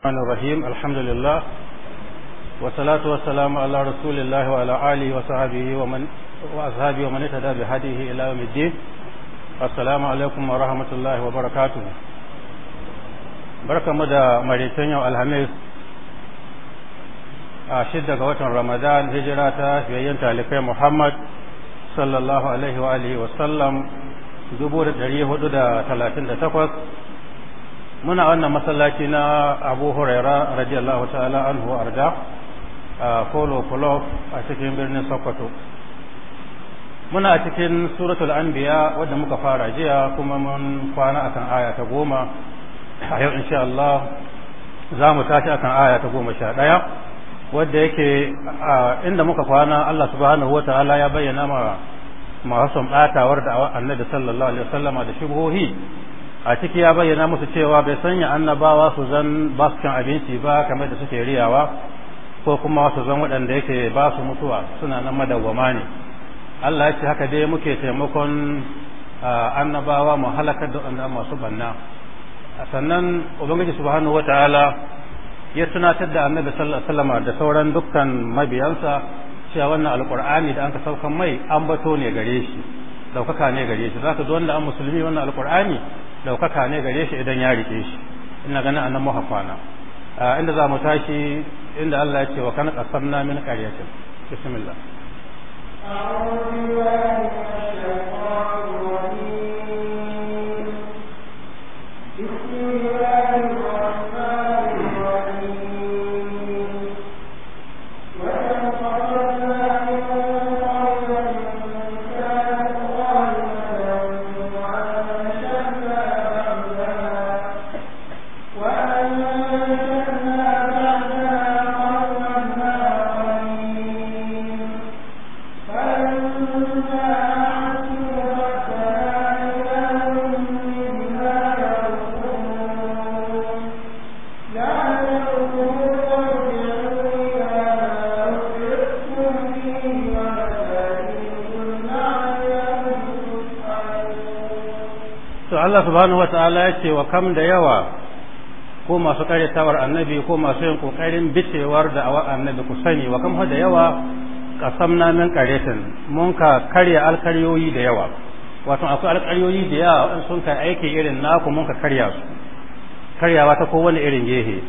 الرحمن الرحيم الحمد لله والصلاة والسلام على رسول الله وعلى آله وصحبه ومن وأصحابه ومن اهتدى بهديه إلى يوم الدين السلام عليكم ورحمة الله وبركاته بركة مدى مريتين والهميس أشد قوات رمضان هجرة في تالقي محمد صلى الله عليه وآله وسلم دبور دريه ودى ثلاثين تقوى muna wannan masallaci na abu huraira radiyallahu ta'ala anhu arda a polo a cikin birnin sokoto muna cikin suratul anbiya wadda muka fara jiya kuma mun kwana akan aya ta goma a yau insha Allah za mu tashi akan aya ta goma sha ɗaya wadda yake inda muka kwana Allah subhanahu wa ta'ala ya bayyana ma masu ɓatawar da annabi sallallahu alaihi wasallama da shubuhohi a ciki ya bayyana musu cewa bai sanya annabawa su zan ba su cin abinci ba kamar da suke riyawa ko kuma su zan waɗanda yake ba su mutuwa suna nan madawwama ne Allah ya ce haka dai muke taimakon annabawa mu halakar da wanda masu banna sannan ubangiji subhanahu wataala ya tunatar da annabi sallallahu alaihi wasallam da sauran dukkan mabiyansa cewa wannan alqur'ani da an ka saukan mai ambato ne gare shi daukaka ne gare shi zaka zo wanda an musulmi wannan alqur'ani daukaka ne gare shi idan ya riƙe shi ina ganin anan muha kwana inda za mu tashi inda Allah ya ce wa kana qasamna min qaryatin bismillah a'udhu billahi minash Allah subhanahu wata'ala ya ce wa kam da yawa ko masu karyatawar annabi ko masu yin kokarin bicewar da awa annabi ku sani wa kam da yawa kasam na min karyatin mun ka karya alkaryoyi da yawa wato akwai alkaryoyi da yawa in sun kai aiki irin naku mun ka karya su karyawa ta kowane irin gehe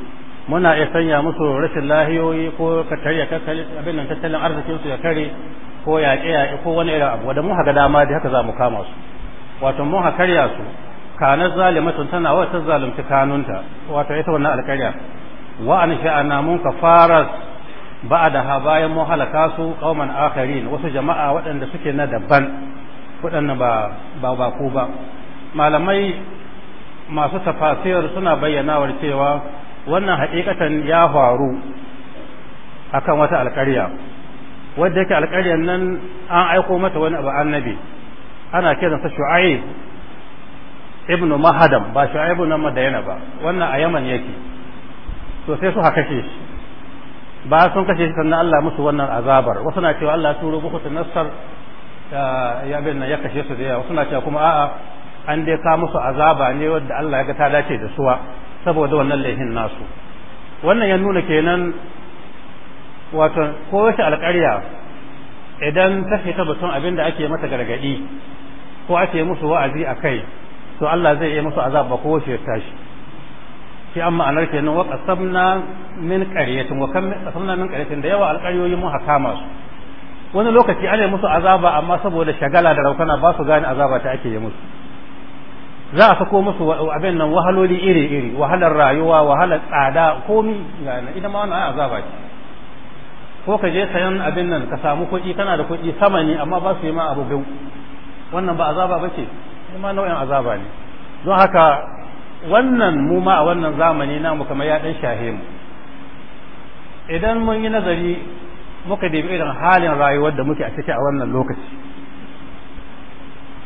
muna iya sanya musu rashin lahiyoyi ko ka karya abin nan tattalin arzikin su ya kare ko yaƙe yaƙe ko wani irin abu wanda mun haka dama da haka za mu kama su wato mun karya su kanar zalimatun tana ta zalunci kanunta wato ita wannan alƙarya wa an sha'ana mun ka fara ba'da ha bayan mun halaka su qauman akharin wasu jama'a waɗanda suke na daban waɗanda ba ba ba ko ba malamai masu tafasir suna bayyanawar cewa wannan haƙiƙatan ya faru akan wata alƙarya wadda yake alƙaryar nan an aiko mata wani abu annabi ana kiransa shu'aib ibnu mahadam ba shu'aibu nan madayana ba wannan a yaman yake to sai su kashe shi ba sun kashe shi sannan Allah musu wannan azabar wasu na cewa Allah turo buku nassar ya bin nan ya kashe su da yawa wasu na cewa kuma a'a an dai ka musu azaba ne wanda Allah ya ga ta dace da suwa saboda wannan laihin nasu wannan ya nuna kenan wato ko wace alƙarya idan ta fita batun abin da ake mata gargadi ko ake musu wa'azi a kai to Allah zai yi musu azaba ko ya tashi shi an ma'anar kenan wa qasamna min wa min qaryatin da yawa alƙaryoyi mu hakama su wani lokaci ana musu azaba amma saboda shagala da raukana ba su gane azaba ta ake yi musu za a sako musu abin nan wahaloli iri-iri wahalar rayuwa wahalar tsada komi ita ma wani azaba ce ko ka je sayan abin nan ka samu kuɗi kana da kuɗi sama ne amma ba su yi ma abu biyu wannan ba azaba ba ce ma nau'in azaba ne don haka wannan mu ma a wannan zamani namu kamar ya dan shahe mu idan mun yi nazari muka debi irin halin rayuwar da muke a ciki a wannan lokaci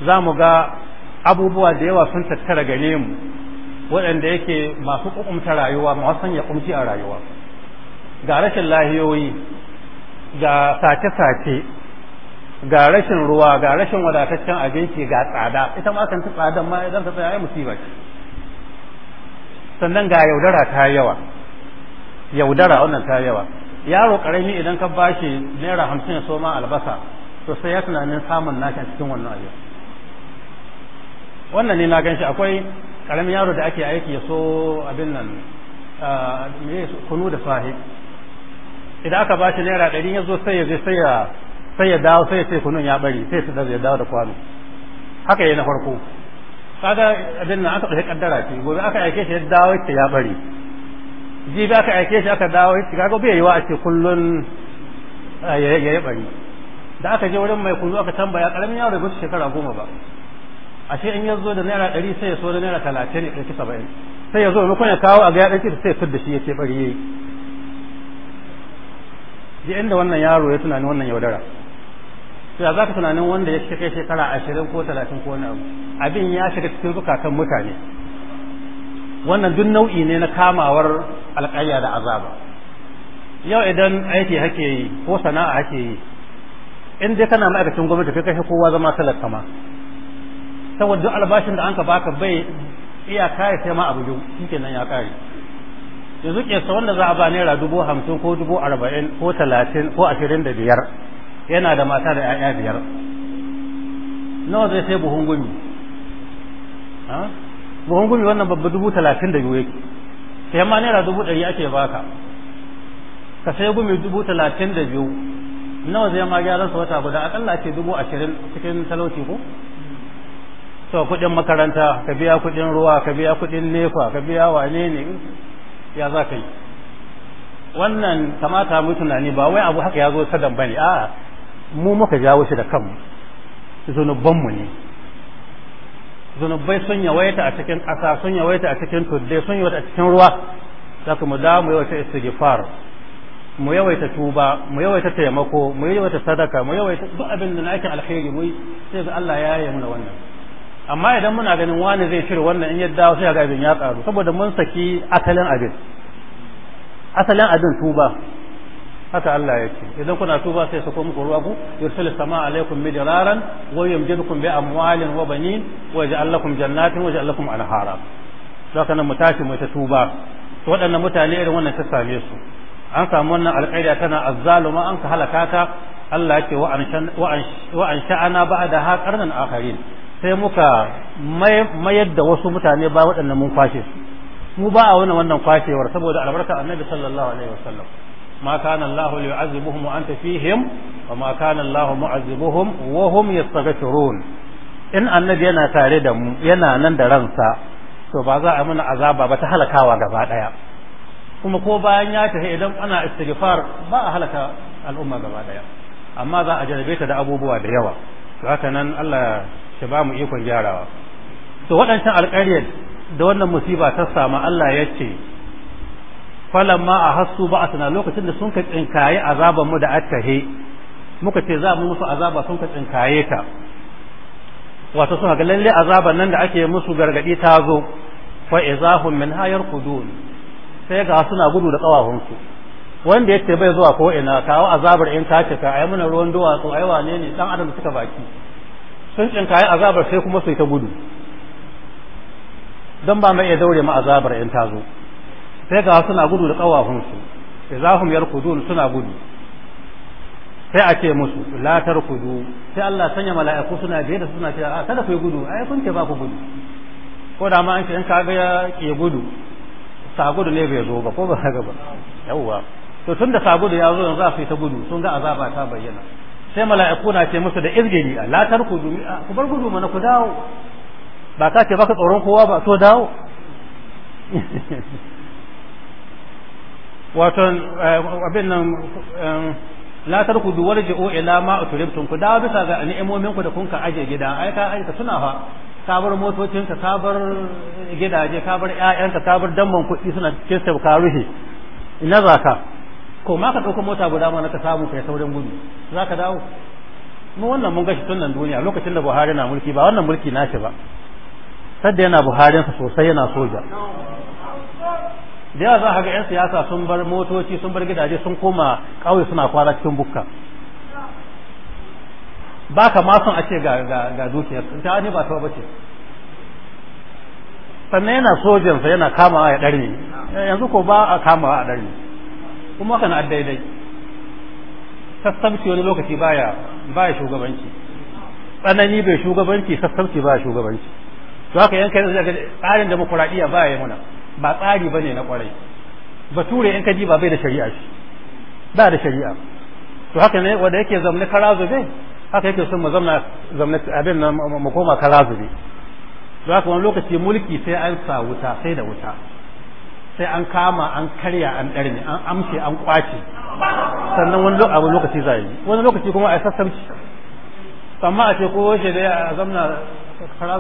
za mu ga abubuwa da yawa sun tattara gare mu waɗanda yake masu ƙuƙumta rayuwa masu sanya ƙumci a rayuwa ga rashin lahiyoyi ga sace-sace ga rashin ruwa ga rashin wadataccen abinci ga tsada ita ma kan ta tsada ma idan ta tsaya ai musiba sannan ga yaudara ta yawa yaudara wannan ta yawa yaro karami idan ka bashi naira hamsin ya so albasa to sai ya tunanin samun naka cikin wannan abin wannan ne na ganshi akwai karamin yaro da ake aiki ya so abin nan kunu da sahi idan aka bashi naira ɗari ya zo sai ya je sai ya sai ya dawo sai ya ce kunun ya bari sai su dawo ya dawo da kwano haka yayi na farko kaga abin nan aka ɗauki kaddara ce gobe aka aike shi ya dawo ya ya bari jibi aka aike shi aka dawo ya kaga bai wa a ce kullun ya yi bari da aka je wurin mai kunu aka tambaya karamin yaro bai shekara goma ba ashe in ya zo da naira ɗari sai ya so da naira talatin ya ɗauki saba'in sai ya zo da ya kawo a ga ya ɗauki sai ya fidda shi ya ce bari yayi ji inda wannan yaro ya tunani wannan yaudara sai za ka tunanin wanda ya kai shekara ashirin ko talatin ko wani abu abin ya shiga cikin zukatan mutane wannan duk nau'i ne na kamawar alƙayya da azaba yau idan aiki hake yi ko sana'a hake yi in dai kana ma'aikacin gwamnati kai kashe kowa zama talaka kama saboda duk albashin da an anka baka bai iya kare sai ma abu biyu nan ya kare yanzu kesa wanda za a ba naira dubu hamsin ko dubu arba'in ko talatin ko ashirin da biyar yana da mata da 'ya'ya biyar nawa zai sai buhun gumi buhun gumi wannan babba dubu talatin da biyu yake sai ma naira dubu ɗari ake baka ka sai gumi dubu talatin da biyu nawa zai ma gyaran su wata guda akalla ce dubu ashirin cikin talauci ko to kuɗin makaranta ka biya kuɗin ruwa ka biya kuɗin nefa ka biya wane ne ya za ka yi wannan kamata mu tunani ba wai abu haka ya zo sadan bane a'a mu muka jawo shi da kanmu zunubanmu ne zunubai sun yawaita a cikin ƙasa sun yawaita a cikin tuddai sun yawaita a cikin ruwa za ku mu da mu yawaita istighfar mu yawaita tuba mu yawaita taimako mu yawaita sadaka mu yawaita duk abin da na aikin alheri mu sai ga Allah ya yi muna wannan amma idan muna ganin wani zai cire wannan in ya dawo sai ga abin ya karu saboda mun saki asalin abin asalin abin tuba haka Allah ya ce idan kuna tuba sai sako muku ruwa ku yursil sama alaikum midraran wa yumjidukum bi amwalin wa banin wa yaj'al lakum jannatin wa yaj'al lakum anhara to haka nan mu tashi mu ta tuba to waɗannan mutane irin wannan ta same su an samu wannan alƙaida tana azzaluma an ka halaka ka Allah yake wa an sha'ana ba da ha karnan akharin sai muka mayar da wasu mutane ba waɗannan mun kwashe su mu ba a wannan wannan kwashewar saboda albarka annabi sallallahu alaihi wasallam ما كان الله ليعذبهم wa فيهم وما wa الله معذبهم وهم يستغفرون wa hum جينا in annabi yana tare da mu yana nan da ransa to ba za a mana azaba ba ta halakawa gaba daya kuma ko bayan ya tafi idan ana istighfar ba a halaka al'umma gaba daya amma za a jarabe ta da abubuwa da yawa to haka nan Allah shi ba mu ikon gyarawa to waɗancan alƙaryar da wannan musiba ta samu Allah ya ce falamma a hasu ba a suna lokacin da sun ka tsinkaye azaban mu da attahe muka ce za mu musu azaba sun ka tsinkaye ta wato sun ga lalle azaban nan da ake musu gargadi ta zo fa izahum min hayar qudun sai ga suna gudu da kawahunsu wanda yace bai zuwa ko ina kawo azabar in ka ce ai muna ruwan duwatsu ai wane ne dan adam suka baki sun tsinkaye azabar sai kuma su ta gudu don ba mai iya daure ma azabar in ta zo sai ga suna gudu da kawafunsu sai za hum yarkudun suna gudu sai a ce musu la tarkudu sai Allah sanya mala'iku suna biye da suna cewa kada ku yi gudu ai kun ce ba ku gudu ko da ma an ce in kaga ya ke gudu sa gudu ne bai zo ba ko ba ga ba yawwa to tun da sa gudu ya zo yanzu za su yi ta gudu sun ga azaba ta bayyana sai mala'iku na ce musu da izgili la tarkudu ku bar gudu mana ku dawo ba ka ce baka tsoron kowa ba to dawo wato eh, abin nan eh, la tarkudu warji'u ila ma utribtum ku dawo bisa ga ni'imomin ku da kun ka aje gida ai ka aika suna fa sabar motocin ka sabar gidaje sabar ƴaƴan ka sabar damban kuɗi suna cikin ka ruhi ina za ka ko ma ka dauko mota guda ma ka samu kai saurin gudu za ka dawo mu wannan mun gashi tun duniya lokacin da Buhari na mulki ba wannan mulki nashi ba sadda yana Buharinsa sosai yana soja da yawa za ga 'yan siyasa sun bar motoci sun bar gidaje sun koma ƙauye suna kwana cikin bukka ba ka ma son a ce ga dukiyar ta ne ba ta ce. sannan yana sojansa yana kamawa ya ɗarni yanzu ko ba a kamawa a ɗari kuma haka na daidai sassabci wani lokaci baya baya shugabanci tsanani bai shugabanci sassabci baya shugabanci to haka zai yanzu tsarin demokuraɗiyya baya yi muna ba tsari bane na kwarai bature in ka ji ba bai da shari'a shi ba da shari'a to haka ne wanda yake zamne karazu zube haka yake son mu zamna zamne abin nan mu koma karazu zube to haka wani lokaci mulki sai an sa wuta sai da wuta sai an kama an karya an darne an amshe an kwace sannan wani lokaci za yi wani lokaci kuma a sassanci amma a ce ko shi da ya zamna kara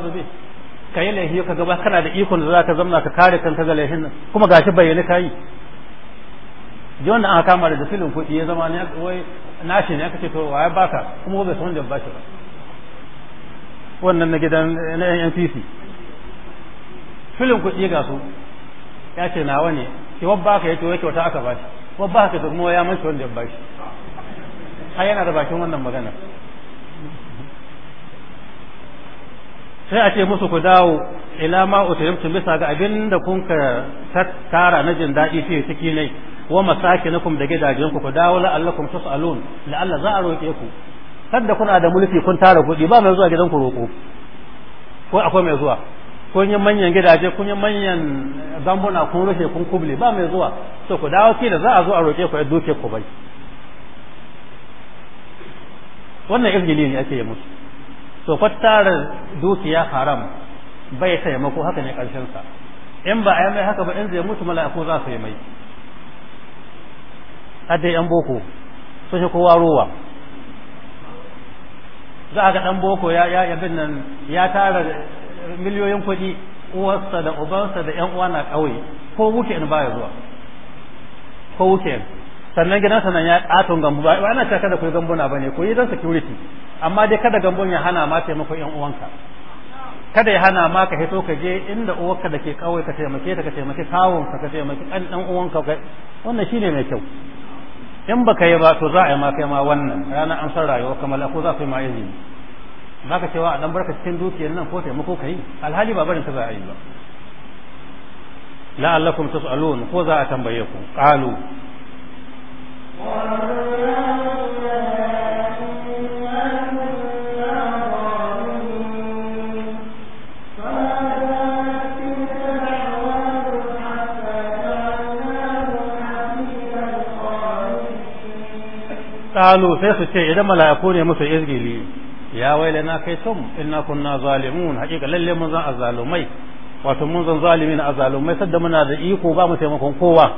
ka yi laifi ka gaba kana da ikon da za ka zamna ka kare kanka ga laifin nan kuma gashi bayyana ka yi ji wanda aka kama da filin kuɗi ya zama ne wai nashi ne aka ce to waye baka kuma bai san da ba shi ba wannan na gidan na NPC filin kuɗi ga su ya ce nawa ne ki wabba ka yato ya kyauta aka ba shi wabba ka to kuma ya mace wanda ya ba shi har yana da bakin wannan magana sai a ce musu ku dawo ila ma utayyibtum bisa ga abinda kun ka tattara na jin daɗi fiye ciki ne wa masakinakum da gidajen ku ku dawo allakum tus'alun alla za a roƙe ku kada kuna da mulki kun tara kuɗi ba mai zuwa gidan ku roƙo ko akwai mai zuwa kun yi manyan gidaje kun yi manyan zambuna kun rufe kun kuble ba mai zuwa so ku dawo da za a zo a roƙe ku ya duke ku bai wannan izgili ne ake yi musu to fattara dukiya haram bai taimako haka ne karshen sa in ba a yi mai haka ba in zai mutu mala'iku za su yi mai hadda yan boko sun shi kowa ruwa za a ga dan boko ya ya yabin nan ya tara miliyoyin kuɗi uwarsa da ubansa da yan uwa na ƙauye ko ba baya zuwa ko wuce sannan gidansa nan ya katon gambu ba ana cakar da ku yi na bane ku yi dan security amma dai kada gambon ya hana ma taimakon yan uwanka kada ya hana ma ka hito ka je inda uwarka da ke kawai ka taimake ta ka taimake kawunka ka taimake kan dan uwanka wannan shine mai kyau in baka yi ba to za a yi ma kai ma wannan ranar an san rayuwa kamar ko za su yi ma izini za ka cewa a dan barka cikin dukiyar nan ko taimako ka yi alhali ba barin ta za a yi ba la'allakum tus'alun ko za a tambaye ku qalu qalu sai su ce idan mala'iku ne musu izgili ya na kai son inna kunna zalimun haƙiƙa lalle mun zan azalumai wato mun zan zalimin azalumai sadda muna da iko bamu mu taimakon kowa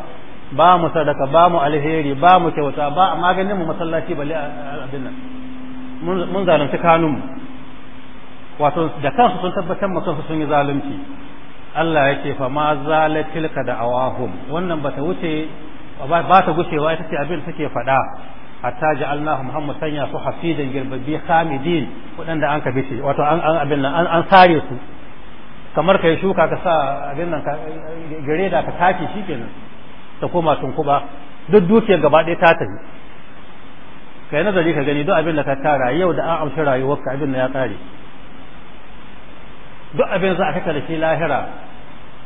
bamu sadaka bamu alheri bamu mu kyauta ba maganin mu masallaci bale abin nan mun zalunci kanun wato da kansu sun tabbatar ma kansu sun yi zalunci Allah ya ce fa ma zalat tilka da awahum wannan bata wuce ba ta gushewa ita ce abin take faɗa hatta ja'alnahu muhammad sanya su hafidan girbabbi khamidin wadanda an kabice wato an an abin nan an sare su kamar kai shuka ka sa abin nan gare da ka taki shikenan ta koma tunkuba duk dukiyar gaba ɗaya ta tafi kai nazari ka gani duk abin da ka tara yau da an amshi rayuwar ka abin da ya tsare duk abin za a kaka da shi lahira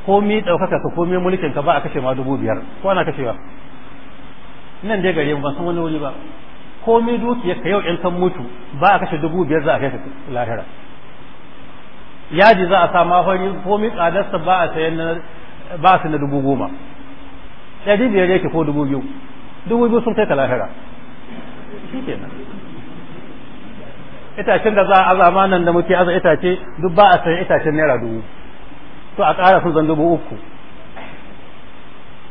komi ɗaukaka ka komi mulkin ka ba a kashe ma dubu biyar ko ana kashewa nan dai gare mu ban san wani wuri ba komi dukiyar ka yau in san mutu ba a kashe dubu biyar za a kai lahira yaji za a sa ma ko komi tsadarsa ba a sayan na ba su na dubu goma ɗari biyar yake ko dubu biyu dubu biyu sun kai ka lahira shi nan itacen da za a azama nan da muke aza itace duk ba a sayan itacen naira dubu to a ƙara sun zan dubu uku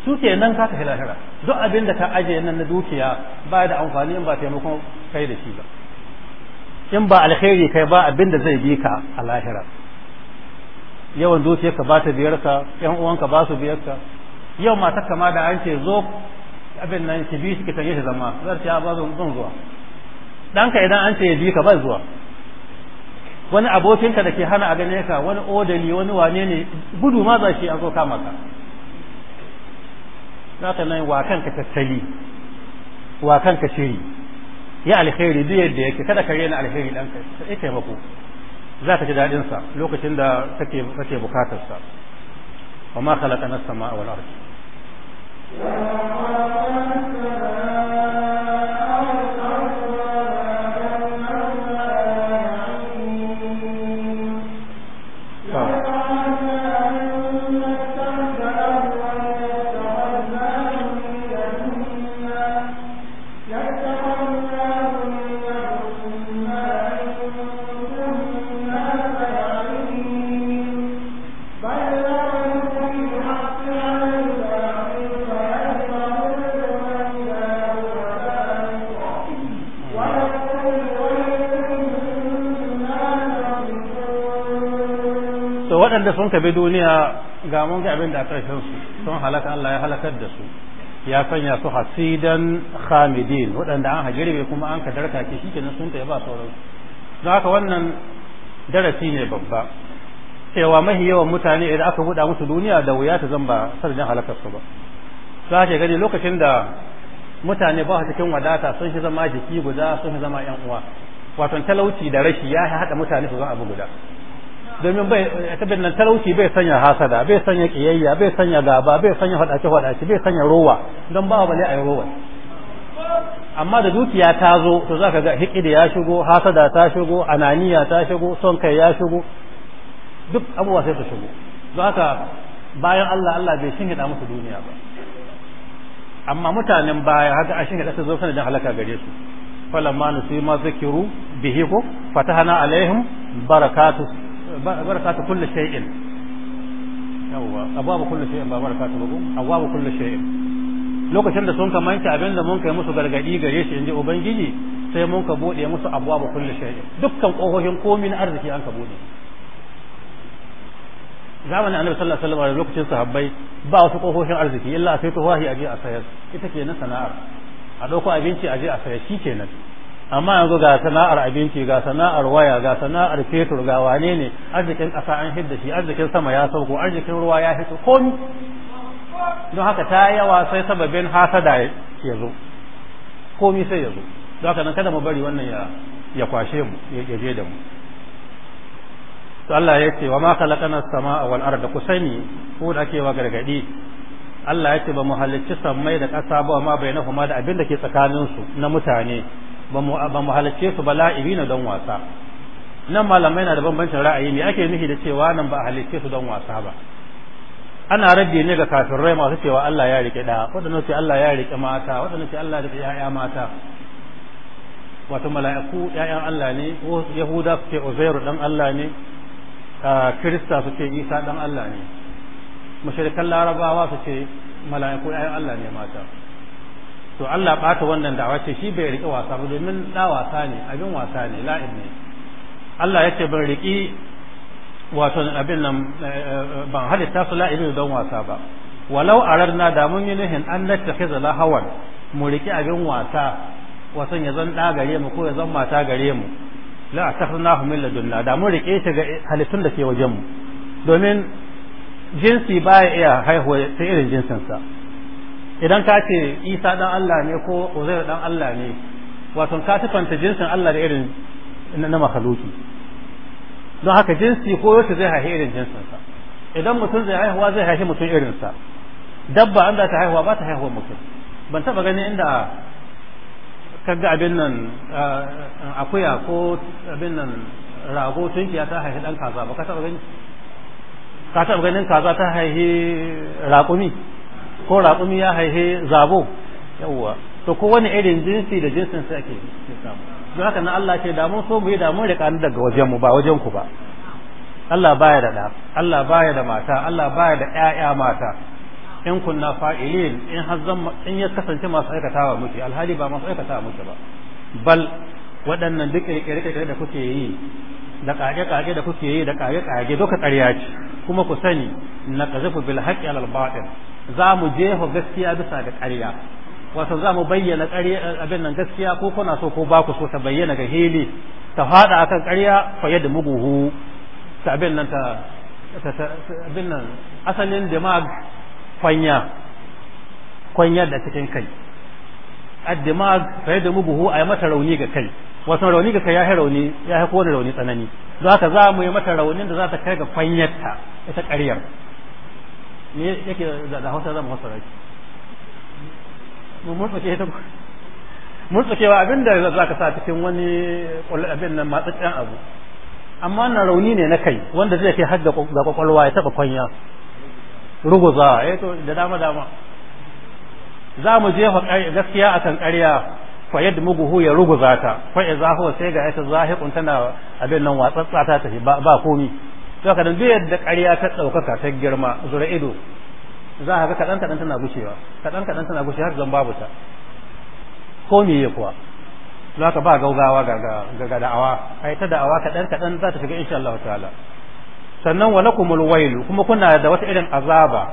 su ke nan ka lahira duk abin da ka ajiye nan na dukiya ba da amfani in ba taimakon kai da shi ba in ba alkhairi kai ba abin da zai bi ka a lahira yawan dukiyar ka ba ta biyar ka yan uwanka ba su biyar ka yau ma ta kama da an ce zo abin nan ki bi shi ki tanye shi zama zar ce ba zan zuwa ka idan an ce ya bi ka ba zuwa wani abokinka da ke hana a gane ka wani odali wani wane ne gudu ma za shi a zo kama ka ta nan wa kanka tattali wa kanka shiri ya alkhairi duk yadda yake kada ka rena alkhairi ɗanka sai taimako za ka ji daɗinsa lokacin da kake kake bukatarsa wa ma khalaqa wal ardh Yeah. waɗanda sun kabi duniya ga mun ga abin da a ƙarshen su sun halaka Allah ya halakar da su ya sanya su hasidan khamidin waɗanda an hajirbe kuma an ka darka ke shikenan sun tafi ba sauran don haka wannan darasi ne babba cewa mahi yawan mutane idan aka buɗa musu duniya da wuya ta zan ba sarjan halakar su ba za ka gani lokacin da mutane ba cikin wadata sun shi zama jiki guda sun shi zama yan uwa wato talauci da rashi ya haɗa mutane su zama abu guda domin bai tabin nan talauci bai sanya hasada bai sanya kiyayya bai sanya gaba bai sanya fadace fadace bai sanya rowa don ba bale ayi rowa amma da dukiya ta zo to zaka ga da ya shigo hasada ta shigo ananiya ta shigo son kai ya shigo duk abubuwa sai ta shigo don haka bayan Allah Allah bai da musu duniya ba amma mutanen baya haka a shingida ta zo da halaka gare su falamma nusi ma zikiru bihi ko fatahana alaihim barakatu بركات كل شيء yawwa abwabu kullu shay'in ba barakatu ba abwabu kullu shay'in lokacin da sun kamanta abin da mun kai musu gargadi gare shi inji ubangiji sai mun ka bude musu abwabu kullu shay'in dukkan kohohin arziki an ka bude zamanin annabi sallallahu alaihi wasallam lokacin sahabbai ba wasu kohohin arziki illa sai tuwahi aje a sayar ita na sana'ar a dauko abinci aje a sayar shikenan amma yanzu ga sana'ar abinci ga sana'ar waya ga sana'ar fetur ga wane ne arzikin ƙasa an hidda shi arzikin sama ya sauko arzikin ruwa ya hito komi don haka ta yawa sai sababin hasada ya zo komi sai ya zo don haka nan kada mu bari wannan ya kwashe mu ya je da mu to Allah ya ce wa ma khalaqana as samaaa wal arda kusani ko da ake wa gargadi Allah ya ce ba mu halicci sammai da ƙasa ba ma bainahuma da abin da ke tsakaninsu na mutane ba mu halacce su ba la'ibi na don wasa nan malamai na da bambancin ra'ayi ne ake nufi da cewa nan ba a halacce su don wasa ba ana raddi ne ga kafin kafirai masu cewa Allah ya rike da wadanda ce Allah ya rike mata wadanda ce Allah ya rike ya'ya mata wato mala'iku ya'yan Allah ne ko yahuda su ce dan Allah ne kirista su ce isa dan Allah ne mushrikan larabawa su ce mala'iku ya'yan Allah ne mata to Allah bata wannan da'awa ce shi bai riƙe wasa ba domin da wasa ne abin wasa ne la'ib ne Allah ya ce ban riƙi wato abin nan eh, eh, ban halitta su la'ibi don wasa ba walau rarna da mun yi nuhin an nattakhiza hawan mu riƙi abin wasa wasan ya zan ɗa gare mu ko ya zan mata gare mu la na min ladunna da mun riƙe ta ga halittun da ke wajen mu domin jinsi baya iya haihuwa ta irin jinsinsa idan ka ce isa dan Allah ne ko uzair dan Allah ne wato ka fanta jinsin Allah da irin na makhluki don haka jinsi ko yace zai haihi irin jinsinsa idan mutum zai haihuwa zai haihi mutum irinsa dabba an da ta haihuwa ba ta haihuwa mutum ban taba ganin inda kaga abin nan akuya ko abin nan rago tunkiya ta haihi dan kaza ba ka taba gani ka taba ganin kaza ta haihi raƙumi ko raƙumi ya haihe zabo yawwa to ko wani irin jinsi da jinsin sai ake samu don haka na Allah ce da so mu yi da mun daga wajen mu ba wajen ku ba Allah baya da da Allah baya da mata Allah baya da ƴaƴa mata in kunna fa'ilin in hazzan in ya kasance masu aikatawa muke alhali ba masu aikatawa muke ba bal waɗannan duk kirkire-kirkire da kuke yi da kage-kage da kuke yi da kage-kage duka ƙarya ce kuma ku sani na kazafu bil haqqi alal batil za mu ho gaskiya bisa ga ƙarya wato za mu bayyana ƙarya abin nan gaskiya ko kuna so ko ba ku so ta bayyana ga hili ta faɗa akan ƙarya fa yadda muguhu ta abin nan ta abin nan asalin dimag kwanya kwanyar da cikin kai addimag fa yadda muguhu a yi mata rauni ga kai wato rauni ga kai ya yi rauni ya yi kowane rauni tsanani za ka za mu yi mata raunin da za ta kai ga kwanyarta ita ƙaryar me yake da hausa zan fassara shi mu murtsake ta murtsakewa abin da za ka sa cikin wani abin nan can abu amma wannan rauni ne na kai wanda zai kai har da kwakwalwa ya taba kwanya ruguza ya eh to da dama dama za mu jefa gaskiya akan ƙarya fayad muguhu ya ruguza ta fa idza huwa sai ga ita zahiqun tana abin nan watsatsa ta tafi ba komi to kadan duk yadda ƙarya ta ɗaukaka ta girma zura ido za a ga kaɗan kaɗan tana gushewa kaɗan kaɗan tana gushewa har zan babu ta ko me ya kuwa za ka ba gaugawa ga ga da'awa ai ta da'awa kaɗan kaɗan za ta shiga insha Allah ta'ala sannan wa lakumul wailu kuma kuna da wata irin azaba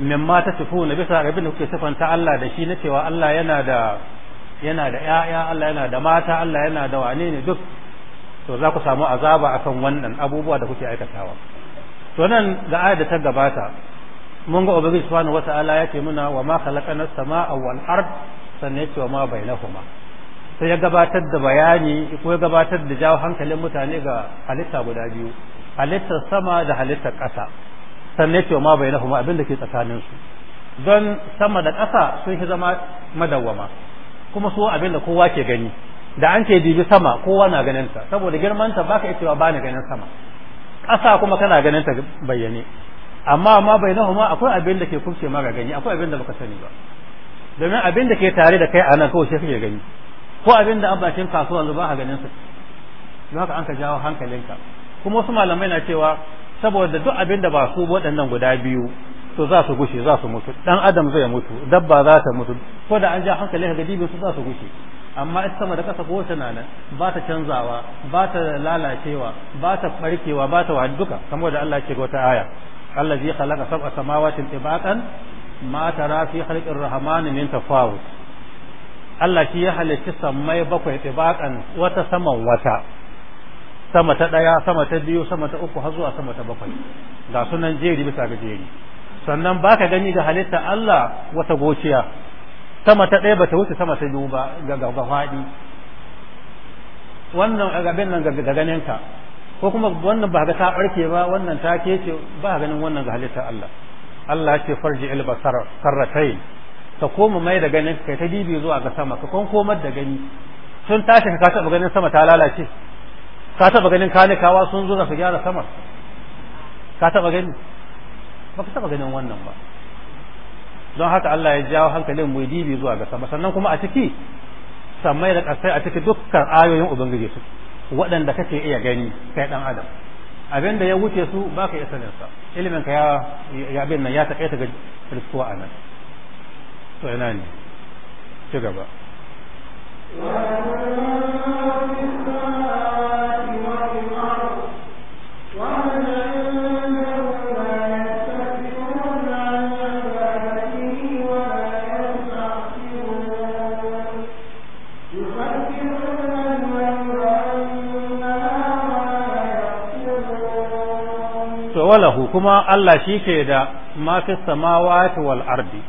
mimma ta tufu na bisa abin da kuke sifanta Allah da shi na cewa Allah yana da yana da ƴaƴa Allah yana da mata Allah yana da wane ne duk to za ku samu azaba akan wannan abubuwa da kuke aikatawa to nan ga ayata ta gabata mun ga ubangiji subhanahu wata'ala ya ce muna wa ma khalaqana samaa wal ard sannan ce wa ma bainahuma sai ya gabatar da bayani ko ya gabatar da jawo hankalin mutane ga halitta guda biyu halittar sama da halittar ƙasa sannan ya ce wa ma bainahuma abin da ke tsakanin su don sama da ƙasa sun fi zama madawwama kuma su abin da kowa ke gani da an ce dibi sama kowa na ganin ta saboda girman ta baka cewa ba ni ganin sama ƙasa kuma kana ganin ta bayyane amma amma ma akwai abin da ke kubce ga gani akwai abin da baka sani ba domin abin da ke tare da kai anan nan kawai sai kake gani ko abin da an bakin kasuwa ba ka ganin sa don haka an ka jawo hankalinka kuma wasu malamai na cewa saboda duk abin da ba su waɗannan guda biyu to za su gushe za su mutu dan adam zai mutu dabba za ta mutu ko da an ja hankalin ka dibin su za su gushe amma ita sama da kasa ko tana nan ba ta canzawa ba ta lalacewa ba ta farkewa ba ta wahal duka kamar da Allah ya ce ga wata aya Allah zai khalaqa sab'a samawati tibaqan ma tara fi khalqir rahman min tafawut Allah shi ya halicci samai bakwai tibaqan wata saman wata sama ta daya sama ta biyu sama ta uku har zuwa sama ta bakwai ga sunan jeri bisa ga jeri sannan baka gani da halitta Allah wata gociya sama ta ɗaya bata wuce sama ta biyu ba ga faɗi wannan agabin nan ga ka ko kuma wannan ba ga ta ɓarke ba wannan ta kece ba ganin wannan ga halittar Allah Allah ce farji albasar karratai ka koma mai da ganin kai ta dibi zuwa ga sama ka kon komar da gani sun tashi ka taɓa ganin sama ta lalace ka taɓa ganin kanikawa sun zo su gyara sama ka taɓa gani ba ka taɓa ganin wannan ba don haka Allah ya jawo hankalin mu dibi zuwa ga sama sannan kuma a ciki sammai da ƙasai a ciki dukkan ayoyin ubangiji su waɗanda kake iya gani kai dan adam abin da ya wuce su baka ka iya sanin sa ilimin ka ya ya bin nan ya taƙaita ga a anan to ina ne ci gaba وَمَا فِي walahu kuma Allah shi ke da ma fi samawati wal ardi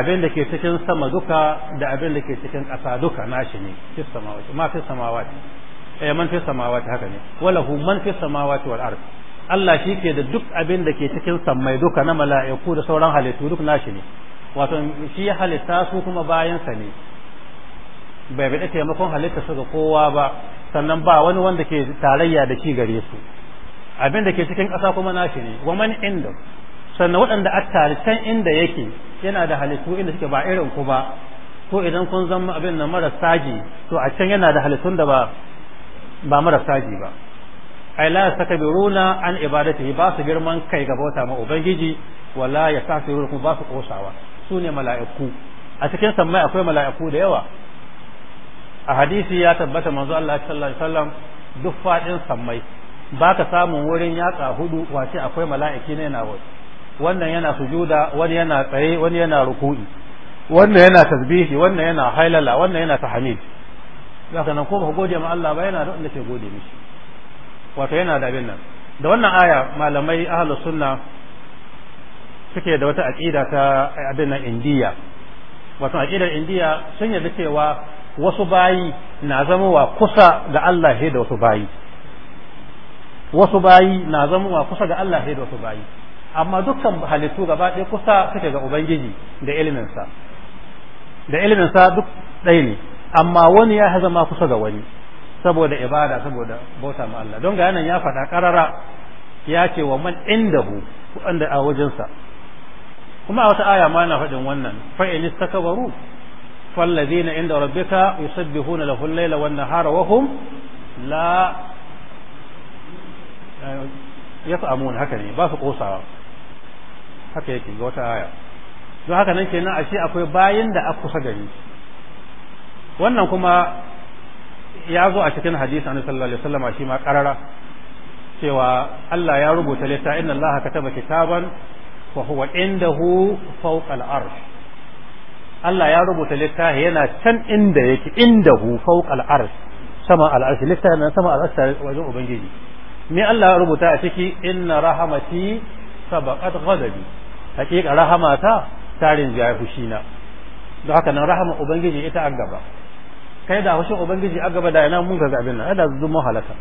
abin da ke cikin sama duka da abin da ke cikin ƙasa duka nashi ne fi samawati ma fi samawati eh man fi samawati haka ne walahu man fi samawati wal ardi Allah shi ke da duk abin da ke cikin sammai duka na mala'iku da sauran halittu duk nashi ne wato shi ya halitta su kuma bayansa ne bai bi da taimakon halitta su ga kowa ba sannan ba wani wanda ke tarayya da shi gare su abin da ke cikin ƙasa kuma nashi ne wa mani inda sannan waɗanda a tarikan inda yake yana da halittu inda suke ba irin ku ba ko idan kun zama abin na mara saji to a can yana da halittun da ba ba marasa ji ba ai la takbiruna an ibadatihi ba su girman kai ga bauta ma ubangiji wala yasafiruna kuma ba su kosawa su ne mala'iku a cikin samai akwai mala'iku da yawa a hadisi ya tabbata manzo Allah sallallahu alaihi wasallam duk faɗin samai. baka samun wurin yatsa hudu wace akwai mala'iki ne na wasu wannan yana sujuda wani yana tsaye wani yana ruku'i wannan yana tasbihi wannan yana hailala wannan yana tahmid zaka nan ko ba gode ma Allah ba yana da wanda ke gode mishi wato yana da abin nan da wannan aya malamai ahlus sunna suke da wata aqida ta abin nan indiya wato aqidar indiya sun yarda cewa wasu bayi na zamowa kusa da Allah da wasu bayi wasu bayi na zamowa kusa ga Allah sai da wasu bayi amma dukkan halittu gaba ɗaya kusa suke ga ubangiji da iliminsa da iliminsa duk ɗaya ne amma wani ya zama kusa ga wani saboda ibada saboda bauta ma Allah don ga ya faɗa ƙarara ya ce wa man indahu wanda a wajensa kuma a wata aya ma na faɗin wannan fa in istakabaru fallazina inda rabbika yusabbihuna lahu al-laila wan nahara wa hum la Eh, ya amun haka ne ba su kosawa haka yake ga wata aya don haka nan kenan ashe akwai bayin da aka kusa gari wannan kuma ya zo a cikin hadisi annabi sallallahu alaihi wasallam shi ma karara cewa Allah ya rubuta lita inna Allah kataba kitaban wa huwa indahu fawqa al-arsh Allah ya rubuta littafi yana can inda yake indahu fawqa al-arsh sama al-arsh yana sama al-arsh wajen ubangiji Ni Allah ya rubuta a ciki inna rahamati sabaqat ghadabi hakika ta tarin ya fushi na don haka nan rahama ubangiji ita a gaba kai da fushin ubangiji a gaba da yana mun ga abin nan da zuwa halaka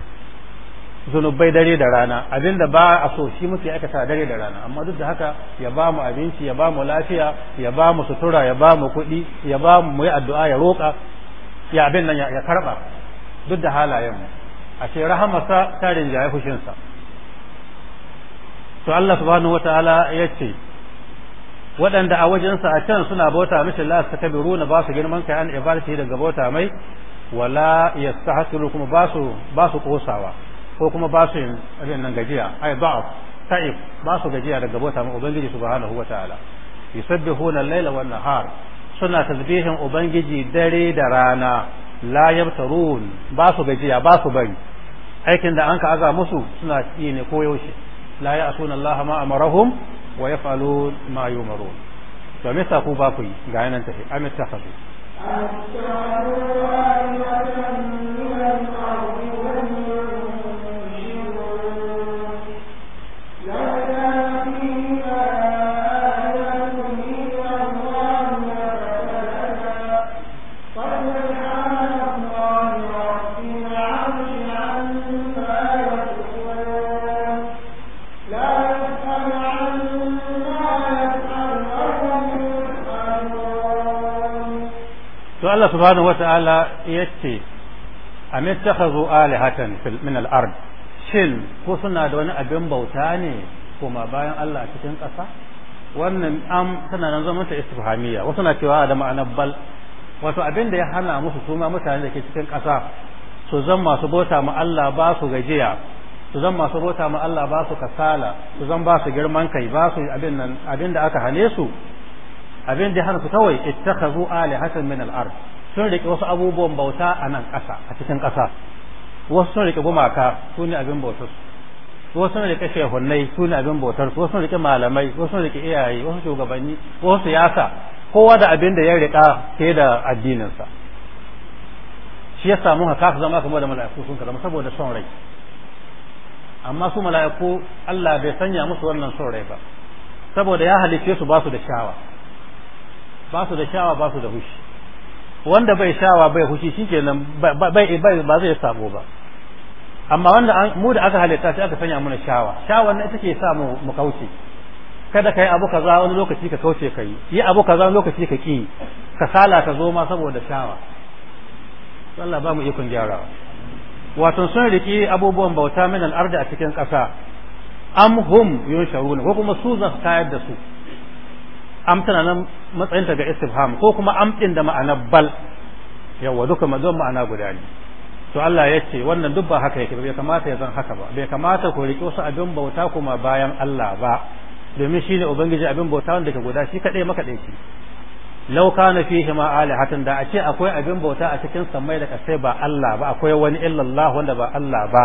zunubai dare da rana abin da ba a so shi muke aikata dare da rana amma duk da haka ya ba mu abinci ya ba mu lafiya ya ba mu sutura ya ba mu kuɗi ya ba mu yi addu'a ya roƙa ya abin nan ya karɓa duk da halayen mu a ce rahamarsa ta rinjaye fushinsa to Allah subhanahu wataala ya ce waɗanda a wajensa a can suna bauta mishi la ta kabiru na ba su girman kai an ibarci daga bauta mai wala ya kuma ba su ba su kosawa ko kuma ba su yin nan gajiya ai ba'af ta'if ba su gajiya daga bauta mai ubangiji subhanahu wataala yusabbihuna al-laila wan nahar suna tasbihin ubangiji dare da rana la yabtarun ba su gajiya ba su bari aikin da an ka aza musu suna yi ne ko yaushe la ya asuna Allah ma amarahum wa yaf'alu ma yumarun to me sa ku ba ku yi ga yanan tafi am tafasu أشهد أن لا إله إلا الله Allah subhanahu wata'ala yace taka yattakhadhu alihatan fil min al shin ko suna da wani abin bauta ne kuma bayan Allah a cikin ƙasa wannan am tana nan zama ta wasu na cewa da ma'anar bal wato abin da ya hana musu suna mutane da ke cikin ƙasa su zan masu bauta ma Allah ba su gajiya su zan masu bauta ma Allah ba su kasala su zan ba su girman kai ba su abin da aka hane su abin da hana su kawai ittakhadhu alihatan min al-ard sun rike wasu abubuwan bauta a nan ƙasa a cikin ƙasa wasu sun rike gumaka su ne abin bautar su wasu sun rike shehunnai su ne abin bautar su wasu sun rike malamai wasu sun rike iyaye wasu shugabanni wasu siyasa kowa da abin da ya rika ke da addininsa shi ya samu haka su zama kamar da mala'iku sun ka zama saboda son rai amma su mala'iku Allah bai sanya musu wannan son rai ba saboda ya halice su ba su da shawara ba su da shawa ba su da hushi wanda bai shawa bai hushi shikenan bai bai ba zai sabo ba amma wanda mu da aka halitta sai aka sanya muna shawa shawa ne ita ke sa mu mu kauce kada kai abu kaza wani lokaci ka kauce kai yi abu kaza wani lokaci ka ki kasala ka zo ma saboda shawa Allah ba mu ikon gyarawa wato sun riki abubuwan bauta min al-ardi a cikin ƙasa am hum yunsharuna ko kuma su za su tayar da su Amtana nan matsayin ta ga istifham ko kuma am din da ma'anar bal yawa duka don ma'ana guda ne to Allah ya ce wannan duk ba haka yake bai kamata ya zan haka ba bai kamata ku riƙe wasu abin bauta kuma bayan Allah ba domin shi ne ubangiji abin bauta wanda ke guda shi kaɗai maka ɗaya law kana fihi ma alihatan da a ce akwai abin bauta a cikin samai da kasai ba Allah ba akwai wani illallah wanda ba Allah ba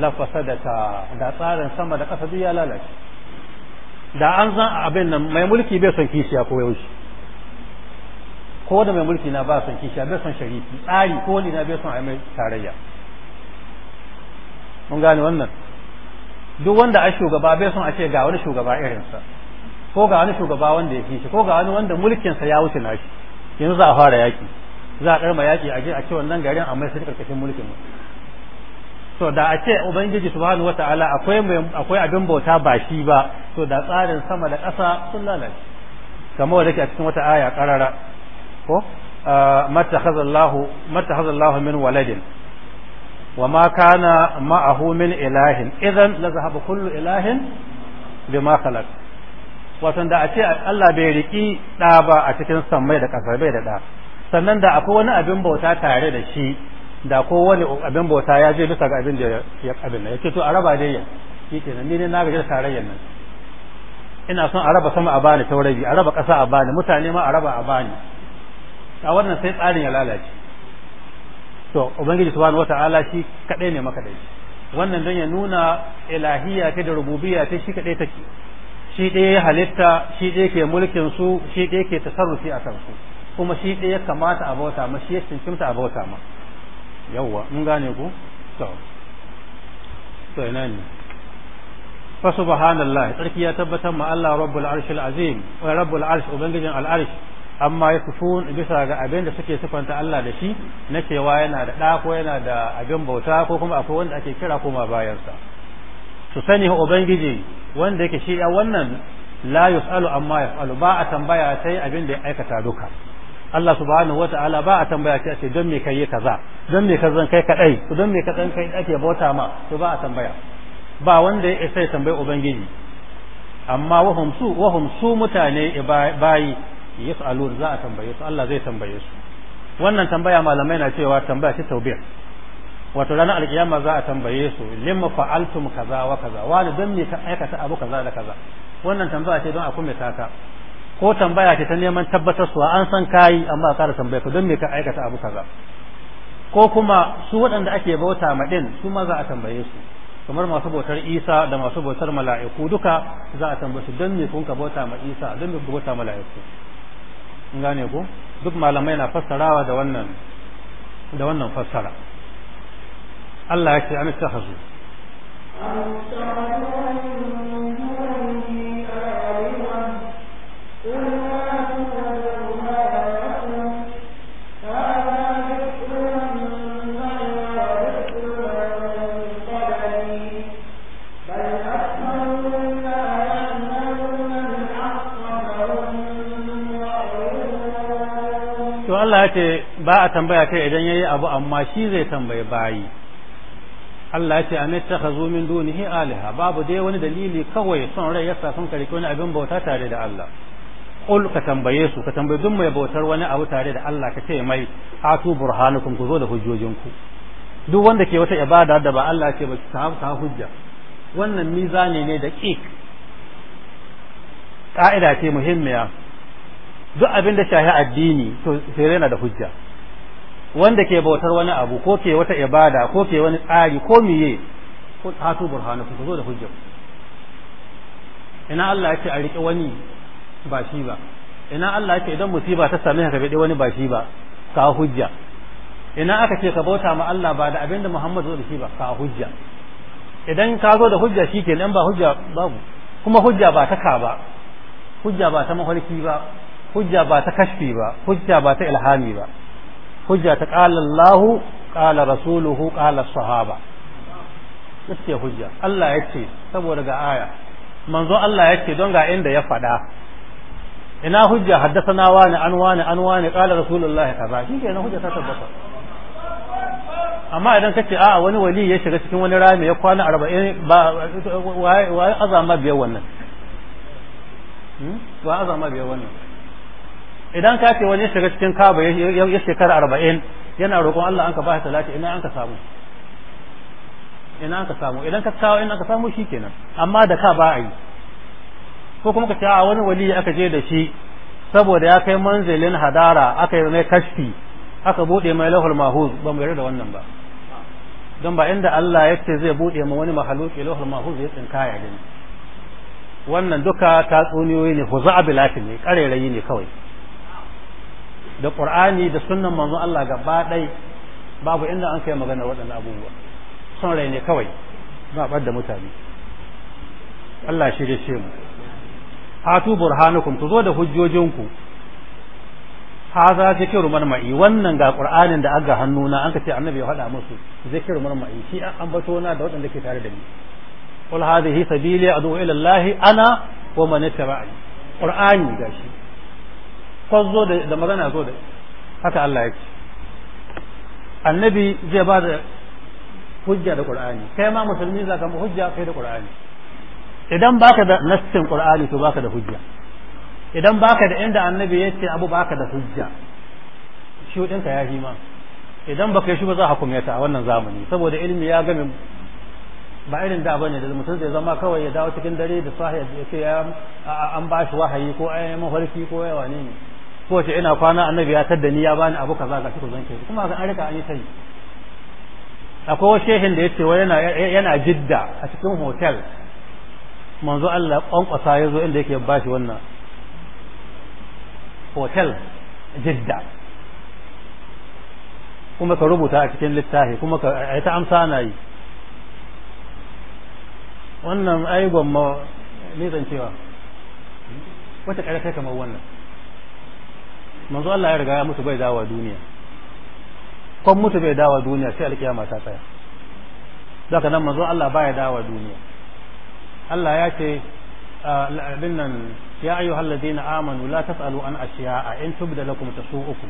lafasa fasadata da tsarin sama da kasa duk ya lalace da an san abin nan mai mulki bai son kishiya ko yaushe ko da mai mulki na ba son kishiya bai son sharifi tsari ko wani na bai son a mai tarayya mun gane wannan duk wanda a shugaba bai son a ce ga wani shugaba irinsa ko ga wani shugaba wanda ya kishi ko ga wani wanda mulkinsa ya wuce nashi yanzu za a fara yaki za a karma yaki a je a ce wannan garin a mai sai karkashin mulkin mu so da a ce ubangiji subhanahu wataala akwai akwai abin bauta ba shi ba to da tsarin sama da ƙasa sun lalace kamar wanda ke a cikin wata aya karara ko ah, mattakhazallahu hazallahu min waladin kana كان معه من إله إذا لذهب كل إله Bima خلق Wasan da a ce Allah bai riki ɗa ba a cikin sammai da ƙasar bai da ɗa sannan da akwai wani abin bauta tare da shi da kowane abin bauta ya je bisa ga abin da ya abin nan yake to a raba dai ya shikenan ni ne na gaji da nan ina son a raba sama a bani taurabi a raba ƙasa a bani mutane ma a raba a bani a wannan sai tsarin ya lalace to ubangiji subhanahu wata'ala shi kadai ne maka dai wannan don ya nuna ilahiyya ta da rububiyya ta shi kadai take shi ɗaya halitta shi ɗaya ke mulkin su shi ɗaya ke tasarrufi a kansu kuma shi ya kamata a bauta ma shi ya cancanta a bauta ma yawwa mun gane ku to to ina ne fa subhanallahi tsarki ya tabbatar ma Allah rabbul arshil azim wa rabbul arsh ubangijin al arsh amma ya bisa ga abin da suke sifanta Allah da shi na cewa yana da ɗa yana da abin bauta ko kuma akwai wanda ake kira kuma bayan sa su sani ubangiji wanda yake shi wannan la yus'alu amma yaf'alu ba a tambaya sai abin da ya aikata duka Allah subhanahu wata'ala ba a tambaya sai ce don me kai kaza don me ka zan kai kadai to don me ka san kai ake bauta ma to ba a tambaya ba wanda ya isa ya tambayi ubangiji amma wahum su wahum su mutane bayi alur za a tambaye su Allah zai tambaye su wannan tambaya malamai na cewa tambaya ce tawbih wato ranar alkiyama za a tambaye su limma fa'altum kaza wa kaza wani don me ka aikata abu kaza da kaza wannan tambaya ce don a kuma ko tambaya ce ta neman tabbatar a an san kayi amma a kara tambaya ku don me ka aikata abu kaza ko kuma su waɗanda ake bauta ma ɗin su ma za a tambaye su kamar masu bautar isa da masu bautar mala'iku duka za a tambaye su don me kun ka bauta ma isa don me kun bauta mala'iku in gane ku duk malamai na fassarawa da wannan da wannan fassara Allah ya ce an tahazu zo. Allah ya ce ba a tambaya kai idan yayi abu amma shi zai tambayi bayi Allah ya ce an takhazu min dunihi alaha babu dai wani dalili kawai son rai yasa sun karki wani abin bauta tare da Allah kul ka tambaye su ka tambayi duk mai bautar wani abu tare da Allah ka ce mai atu burhanukum ku zo da hujjojinku duk wanda ke wata ibada da ba Allah ce ba ta ta hujja wannan mizani ne da ƙa'ida ka'ida ce muhimmiya duk abin da shahi addini to sai yana da hujja wanda ke bautar wani abu ko ke wata ibada ko ke wani tsari ko miye ko hatu burhanu ku zo da hujja ina Allah yake a riƙe wani ba shi ba ina Allah yake idan musiba ta same ka ga wani ba shi ba ka hujja ina aka ce ka bauta ma Allah ba da abinda Muhammad zo da shi ba ka hujja idan ka zo da hujja shi ke nan ba hujja babu kuma hujja ba ta ka ba hujja ba ta mafarki ba hujja ba ta kashfi ba hujja ba ta ilhami ba hujja ta qala Allah qala rasuluhu qala sahaba yace hujja Allah ya ce saboda ga aya manzo Allah ya ce don ga inda ya faɗa ina hujja haddathana wani an wani an wani qala rasulullahi kaza shike na hujja ta tabbata amma idan kace a'a wani wali ya shiga cikin wani rami ya kwana 40 ba wai azama biyar wannan wa azama biyar wannan hmm? idan ka ce wani shiga cikin kaba ya shekara arba'in yana roƙon Allah an ka ba shi talati ina an ka samu ina an ka samu idan ka kawo ina ka samu shi kenan amma da ka ba a yi ko kuma ka ce a wani wali aka je da shi saboda ya kai manzilin hadara aka yi mai kashfi aka buɗe mai lahul mahuz ba mu da wannan ba don ba inda Allah ya ce zai buɗe ma wani mahaluki lahul mahuz ya tsinkaya ya gani wannan duka tatsuniyoyi ne huza'a bilafi ne ƙarerayi ne kawai da qur'ani da sunnan manzo Allah gaba ɗai babu inda an kai magana waɗannan abubuwa son rai ne kawai ba bar da mutane Allah shi ce mu hatu burhanukum ku zo da hujjojinku haza zikiru marma'i wannan ga qur'anin da aga hannuna an ka ce annabi ya faɗa musu zikiru marma'i shi an ambato na da waɗanda ke tare da ni qul hadhihi sabili ad'u ila allah ana wa man ittaba'ani qur'ani gashi zo da magana zo da haka Allah ya ce annabi zai ba da hujja da qur'ani kai ma musulmi za ka mu hujja kai da qur'ani idan baka da nassin qur'ani to baka da hujja idan baka da inda annabi ya ce abu baka da hujja shi ɗinka ya ma idan baka shi ba za a hukume ta a wannan zamani saboda ilimi ya game ba irin da bane da mutum zai zama kawai ya dawo cikin dare da sahi ya ce an ba shi wahayi ko ayyama mafarki ko yawa ne ko ce ina kwana annabi ya tadda ni ya bani abu kaza ga shi ku zanke kuma an rika an yi sai akwai wasu shehin da yace wai yana yana jidda a cikin hotel manzo Allah kwankwasa ya zo inda yake bashi wannan hotel jidda kuma ka rubuta a cikin littafi kuma ka ta amsa na yi wannan ai gwamma ne zan cewa wata ƙarfe kamar wannan manzo Allah ya riga ya mutu bai dawa duniya kon mutu bai dawa duniya sai alkiyama ta tsaya daga nan manzo Allah baya dawa duniya Allah ya ce abin nan ya ayyuhal ladina amanu la tasalu an ashiya'a in tubda lakum tasu'ukum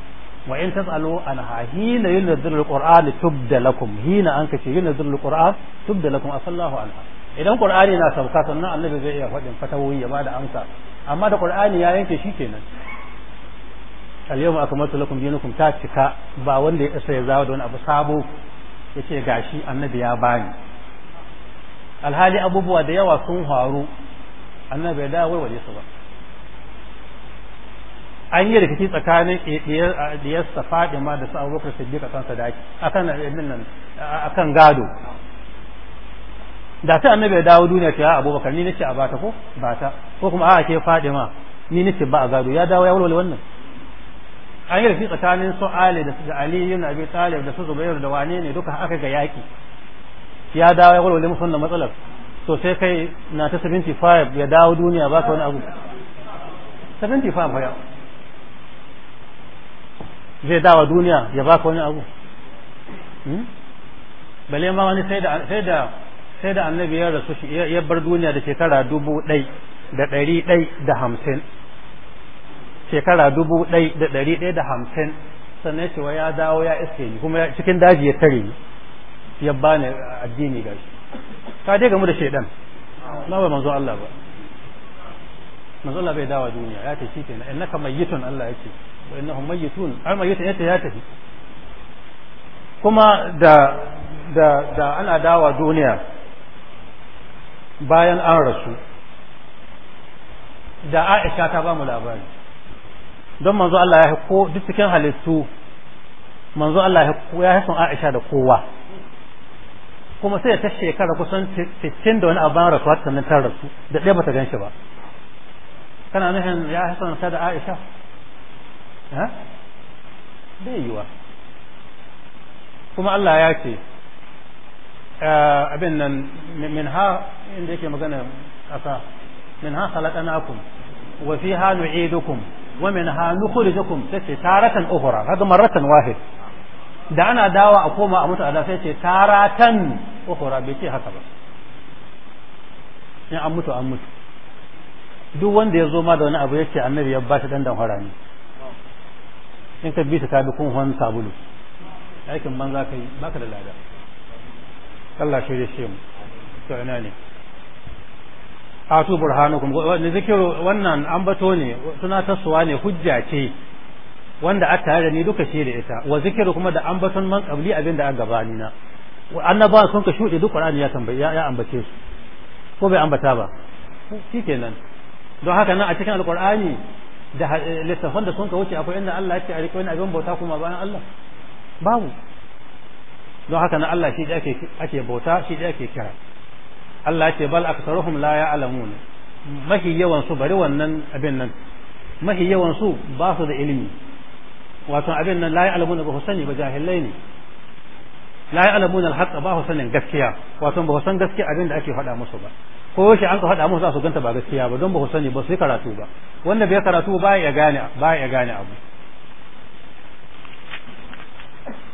wa in tasalu an hina yunzilu alquran tubda lakum hina an kace yunzilu alquran tubda lakum asallahu anha idan qur'ani na sauka sannan annabi zai iya faɗin fatawoyi ya bada amsa amma da qur'ani ya yanke shi kenan. al-yawma akmaltu lakum dinakum ta cika ba wanda ya ابو ya يتي da wani abu sabo الحالي gashi annabi ya bani alhali abubuwa da yawa sun faru annabi ya dawo su ba an yi rikici tsakanin diyarsa Fadima da su Abubakar Siddiq akan sadaki akan nan akan gado da sai annabi ya dawo duniya ta Abubakar ni nace a bata ko bata ko kuma a ke Fadima ni nace ba a gado ya dawo ya walwale wannan an yi rafi tsakanin su Ali da Ali yin Abi Talib da su Zubair da wane ne duka aka ga yaki ya dawo ya walwale musu da matsalar to sai kai na ta 75 ya dawo duniya ba ka wani abu 75 fa ya zai dawo duniya ya ba ka wani abu hmm? bale ma wani sai da sai da sai da annabi ya rasu shi ya bar duniya da shekara dubu ɗai da ɗari ɗai da hamsin shekara dubu ɗai da ɗari ɗaya da hamsin sannan cewa ya dawo ya iske ni kuma cikin daji ya tare ni ya bani addini ga shi ka dai gamu da shaidan na ba manzo Allah ba manzo Allah bai dawa duniya ya ce shi kenan innaka mayyitun Allah ya yake wa innahum mayyitun ai mayyitun yace ya tafi kuma da da da ana dawa duniya bayan an rasu da Aisha ta ba mu labari don manzo Allah ya ko duk cikin halittu manzo Allah ya ya son Aisha da kowa kuma sai ta shekara kusan 60 da wani abin rasuwa nan ta rasu da ɗaya bata ganshi ba kana nufin ya son ta da Aisha ha bai yiwa kuma Allah ya ce ah, abin nan min ha inda yake magana kasa min ha khalaqnakum wa fiha nu'idukum ومنها نخرجكم تسي تارة أخرى هذا مرة واحد da ana dawa a koma a mutu a sai ce taratan ukura bai ce haka ba in an mutu an mutu duk wanda ya zo ma da wani abu ya ce annabi ya bashi dandan hora ne in ka bi ta ka bi kun hon sabulu aikin banza kai baka da lada Allah shi da shi mu to ina ne atu burhanukum wannan zikiru wannan ambato ne suna tasowa ne hujja ce wanda a tare da ni duka shi da ita wa zikiru kuma da ambaton man qabli abin da a gabani na annaba sun ka shude duk qur'ani ya tambaye ya ambace su ko bai ambata ba shikenan don haka nan a cikin alqur'ani da eh, littafan da sun ka wuce akwai inda Allah ya ce a riƙe wani abin bauta kuma bayan Allah babu don haka nan Allah shi ake ake bauta shi ake kira Allah ce bal aktaruhum la ya'lamun mahi yawan su bari wannan abin nan mahi yawan su ba su da ilimi wato abin nan la ya'lamun ba su sani ba jahilai ne la ya'lamun al-haqq ba su sanin gaskiya wato ba su san gaskiya abin da ake faɗa musu ba ko shi an ka faɗa musu za su ganta ba gaskiya ba don ba su sani ba su yi karatu ba wanda bai karatu ba ya gane ba ya gane abu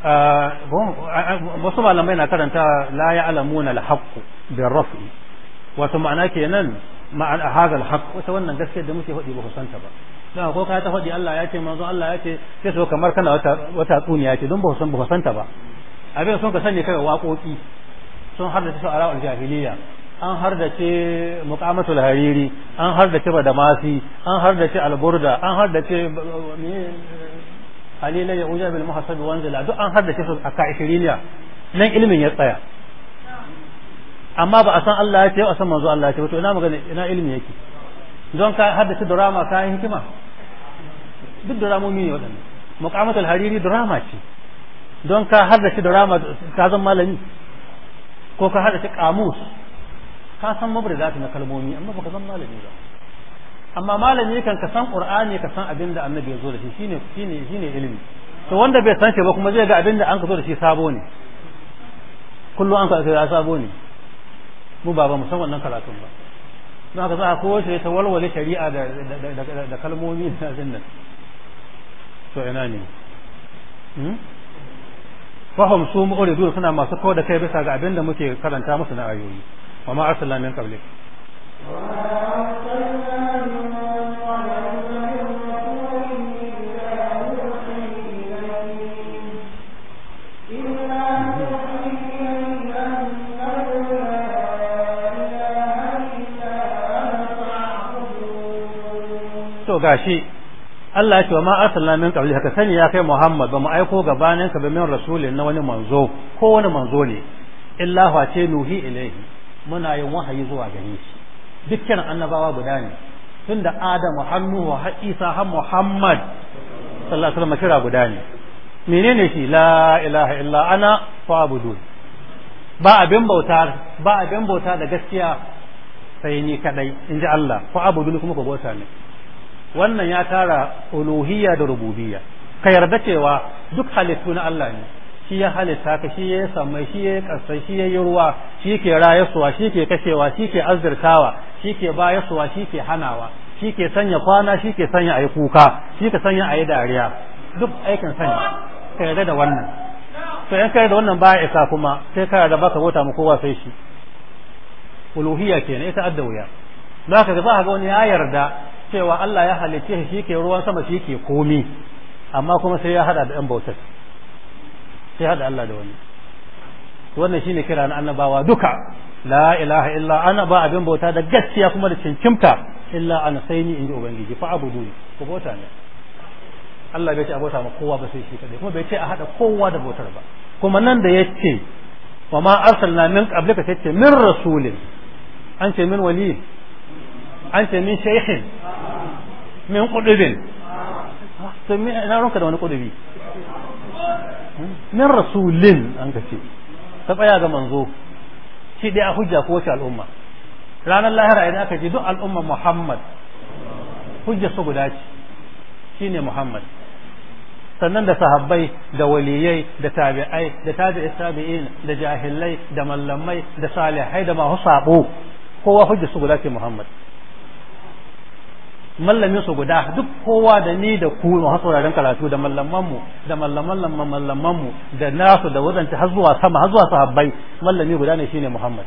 wasu malamai na karanta la ya'lamuna al-haqqu da raf'i wato ma'ana kenan ma'an hadha al-haqq wata wannan gaske da muke faɗi ba ku santa ba dan ko ka ta faɗi Allah ya ce manzo Allah ya ce sai so kamar kana wata wata tsuniya ce don ba ku san ba ku santa ba abin sun ka sani kai waƙoƙi sun har da su ala jahiliya an har da ce muqamatul hariri an har da ce badamasi an har da ce alburda an har da ce alila ya uja al muhasab anzala duk an haddace su a ka'ishiriniya nan ilimin ya tsaya amma ba a san Allah ya ce a san manzo Allah ya ce to ina magana ina ilimi yake don ka haddace drama ka yi hikima duk dramomi ne waɗannan muqamatul hariri drama ce don ka haddace drama ka zan malami ko ka haddace kamus ka san mabrida na kalmomi amma baka zan malami ba amma malami kan ka san qur'ani ka san abinda annabi ya zo da shi shine shine shine ilimi to wanda bai san shi ba kuma zai ga abinda an ka zo da shi sabo ne kullum an ka zo sabo ne mu ba ba mu san wannan karatun ba don haka za a kowace ta walwale shari'a da kalmomi na abin to ina ne hmm? fahim su mu'uridu suna masu kawo da kai bisa ga abinda muke karanta musu na ayoyi wa ma arsalna min qablik to gashi Allah ya ce wa ma arsalna min qabli haka sani ya kai Muhammad ba mu aiko gabanin ka ba min rasulin na wani manzo ko wani manzo ne illa wa ce nuhi ilaihi muna yin wahayi zuwa gare shi dukkan annabawa guda ne tun da adamu hannu wa isa ha muhammad sallallahu alaihi kira guda ne menene shi la ilaha illa ana abudu? ba abin bauta ba abin bauta da gaskiya sai ni kadai in ji Allah fa'budun kuma ku bauta ne wannan ya tara uluhiyya da rububiyya ka yarda cewa duk halittu na Allah ne shi ya halitta ka shi ya samai shi ya kasai shi ya yi ruwa shi ke rayasuwa shi ke kashewa shi ke azurtawa shi ke bayasuwa shi ke hanawa shi ke sanya kwana shi ke sanya a yi kuka shi ke sanya a yi dariya duk aikin sanya ka yarda da wannan to yan ka da wannan baya isa kuma sai ka yarda baka wuta mu kowa sai shi uluhiyya kenan ita adda wuya za ka ga za ga wani ya yarda cewa Allah ya halicce shi ke ruwan sama shi ke komi amma kuma sai ya hada da yan bautar sai hada Allah da wani wannan shine kira na annabawa duka la ilaha illa ana ba abin bauta da gaskiya kuma da cincimta illa ana sai ni inji ubangiji fa abudu ko bauta ne Allah bai ce a ma kowa ba sai shi kadai kuma bai ce a hada kowa da bautar ba kuma nan da yace wa ma arsalna min qablika tace min rasulin an ce min wali an ce min shaykhin min qudubin ah, to me na ronka da wani qudubi min rasulin an ka ce ta tsaya ga manzo shi dai a hujja ko wace al'umma ranar lahira idan aka ji duk al'umma muhammad hujja su guda ce shine muhammad sannan da sahabbai da waliyai da tabi'ai da tabi'i tabi'in da jahilai da mallamai da salihai da masu sabo kowa hujja su guda ce muhammad mallamin su guda duk kowa da ni da ku har sauraren karatu da mallaman mu da mallaman lamman mallaman mu da nasu da wadanta har zuwa sama har zuwa sahabbai mallami guda ne shine Muhammad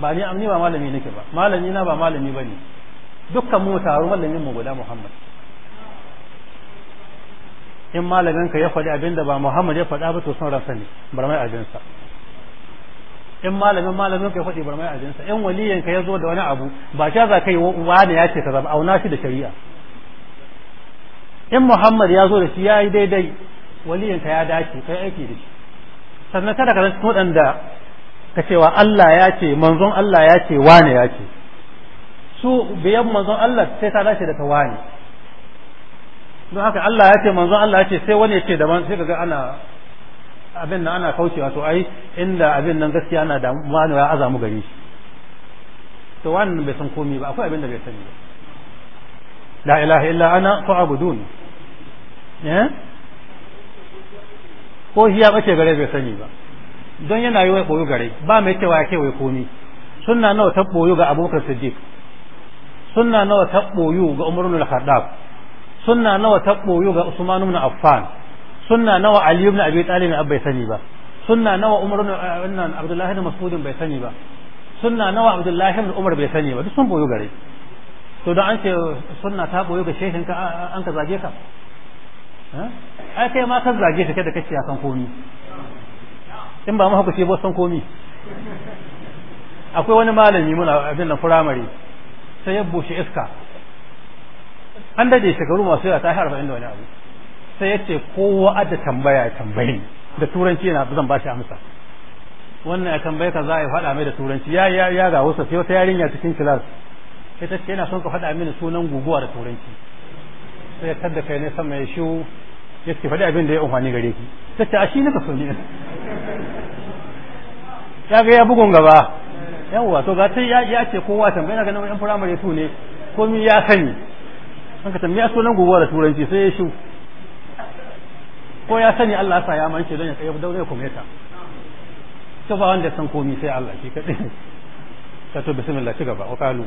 ba ni amni ba malami nake ba malami na ba malami bane dukkan mu taro mallamin mu guda Muhammad in malamin ka ya faɗi abinda ba Muhammad ya faɗa ba to son ransa ne bar mai abinsa in malamin malamin kai faɗi barmai a jinsa in waliyan ka ya zo da wani abu ba ta za ka yi wani ya ce ka ba auna shi da shari'a in muhammad ya zo da shi ya yi daidai waliyan ka ya dace kai aiki da shi sannan kada ka zanta waɗanda ka cewa Allah ya ce manzon Allah ya ce wane ya ce su biyan manzon Allah sai ta dace da ta wane don haka Allah ya ce manzon Allah ya ce sai wani ya ce daban sai ka ga ana abin nan ana kaucewa to ai inda abin nan gaskiya ana da manu ya azamu gare shi to wannan bai san komai ba akwai abin da bai sani ba la ilaha illa ana fa'budun eh ko shi ya bace gare bai sani ba don yana yi wai boyo gare ba mai cewa yake wai komai sunna nawa ta boyo ga Abubakar Siddiq sunna nawa ta boyo ga Umar ibn al-Khattab sunna nawa ta boyo ga Usman ibn Affan sunna nawa ali ibn abi talib bai sani ba sunna nawa umar ibn eh, abdullahi ibn mas'ud bai sani ba sunna nawa abdullahi ibn umar bai sani ba duk sun boyo gare to don an ce sunna ta boyo ga shehin ka an ka zage ka eh? ai kai ma kan zage ka da kace ya san komi in ba mu haka ce ba san komi akwai wani malami muna abin nan firamare sai ya bushe iska an dade shekaru masu yawa ta yi 40 da wani abu sai ya ce kowa ada tambaya ya tambaye ni da turanci yana zan ba shi amsa wannan ya tambaye ka za a yi faɗa mai da turanci ya ya ya ga wasu sai wata yarinya cikin kilas sai ta ce yana son ka faɗa mini sunan guguwa da turanci sai ya tadda kai ne sama ya shiwu ya ce faɗi abin da ya umarni gare ki ta ce a shi na so ne ya ga ya bugun gaba yawwa to ga sai ya ce kowa tambaye na ganin yan firamare su ne komi ya sani an ka tambaye sunan guguwa da turanci sai ya shiwu ko ya sani Allah sa ya manke don ya tsaye daure kuma ya ta ba wanda san komi sai Allah shi kadai ta to bismillah ci gaba ƙwaƙalu.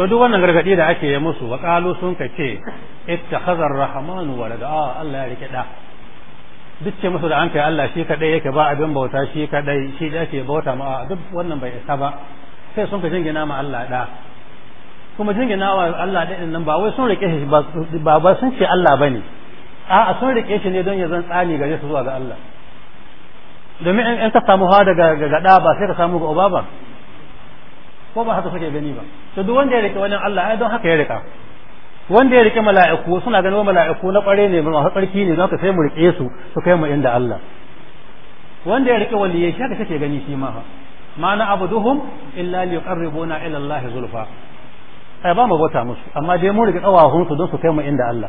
to duk wannan gargadi da ake yi musu wa kalu sun ka ce ittakhadha ar-rahmanu walada ah, Allah ya rike da duk ce musu da an kai Allah shi kadai yake ba abin bauta shi kadai shi da ke bauta ma ah, duk wannan bai isa ba sai sun ka jingina ma Allah da kuma jingina wa Allah da nan ba wai sun rike shi ba ba sun ce Allah bane a'a sun rike shi ne don ya zan tsani gare su zuwa ga Allah domin in ka samu ha daga gada ba sai ka samu ga uba ba ko ba haka suke gani ba to duk wanda ya rike wani Allah ai don haka ya rika wanda ya rike mala'iku suna ganin mala'iku na kware ne masu tsarki ne don haka sai mu rike su su kai mu inda Allah wanda ya rike waliyai shi haka kake gani shi ma fa na abuduhum illa yuqarribuna ila Allah zulfa ai ba mu bauta musu amma dai mu rike kawahun su don su kai mu inda Allah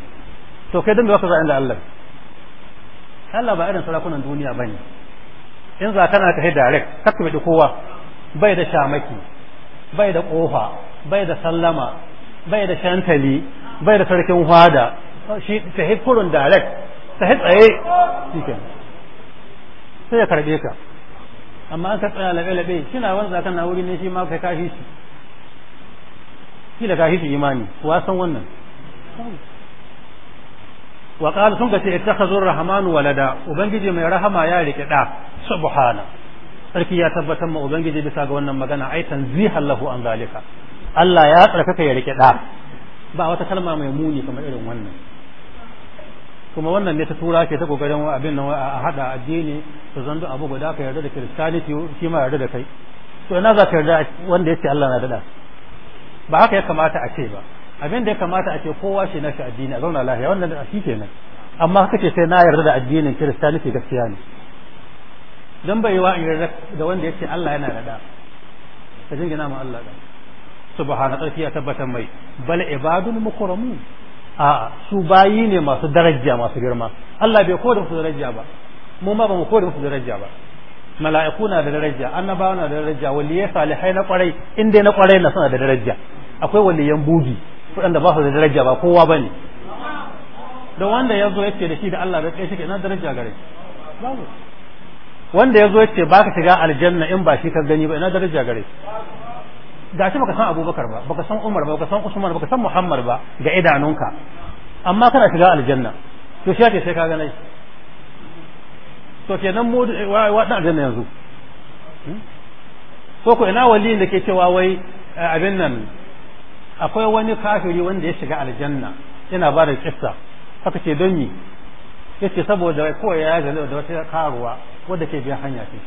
to kai dan da baka za inda Allah Allah ba irin sarakunan duniya bane in za kana ka direct kakkume kowa bai da shamaki bai da kofa bai da sallama bai da shantali bai da sarkin hwada shi ta kurun direct ta tsaye shi sai ya karbe ka amma an ka tsaya labe-labe na wani zakan na wuri ne shi ma kai kashi shi da kashi shi imani wa wannan wa qala sun ita ittakhadhu ar Rahmanu walada ubangiji mai rahama ya rike da subhana sarki ya tabbatar ma ubangiji bisa ga wannan magana ai tanzihan lahu an zalika Allah ya tsarkaka ya rike da ba wata kalma mai muni kamar irin wannan kuma wannan ne ta tura ke ta kokarin abin nan a hada addini to zan abu guda ka yarda da kristaniti shi ma yarda da kai to ina za ka yarda wanda yace Allah na da ba haka ya kamata a ce ba abin da ya kamata a ce kowa shi nashi addini a zauna lafiya wannan da shi kenan amma haka ce sai na yarda da addinin kristaniti gaskiya ne dan bai wa in yarda da wanda yace Allah yana da da ka jingina mu Allah da subhana tsarki ya tabbatar mai bal ibadul mukramun a su bayi ne masu daraja masu girma Allah bai koda musu daraja ba mu ma ba mu koda musu daraja ba mala'iku na da daraja annabawa na da daraja waliyai salihai na kwarai in dai na kwarai na suna da daraja akwai waliyan bugi waɗanda ba su da daraja ba kowa bane da wanda ya zo ya ce da shi da Allah da kai shi ke na daraja gare shi babu wanda ya zo ya ce ba ka shiga aljanna in ba shi ka gani ba ina daraja gare shi Ga shi baka san abubakar ba baka san umar ba baka san usman baka san muhammad ba ga idanunka amma kana shiga aljanna to shi yake sai ka ganai to kenan mu wadan aljanna yanzu ko hmm? ko ina waliyin da ke cewa wai eh, abin nan akwai wani kafiri wanda ya shiga aljanna yana ba da kissa haka ce don yi yace saboda ko ya zane da wata karuwa wanda ke biyan hanya ce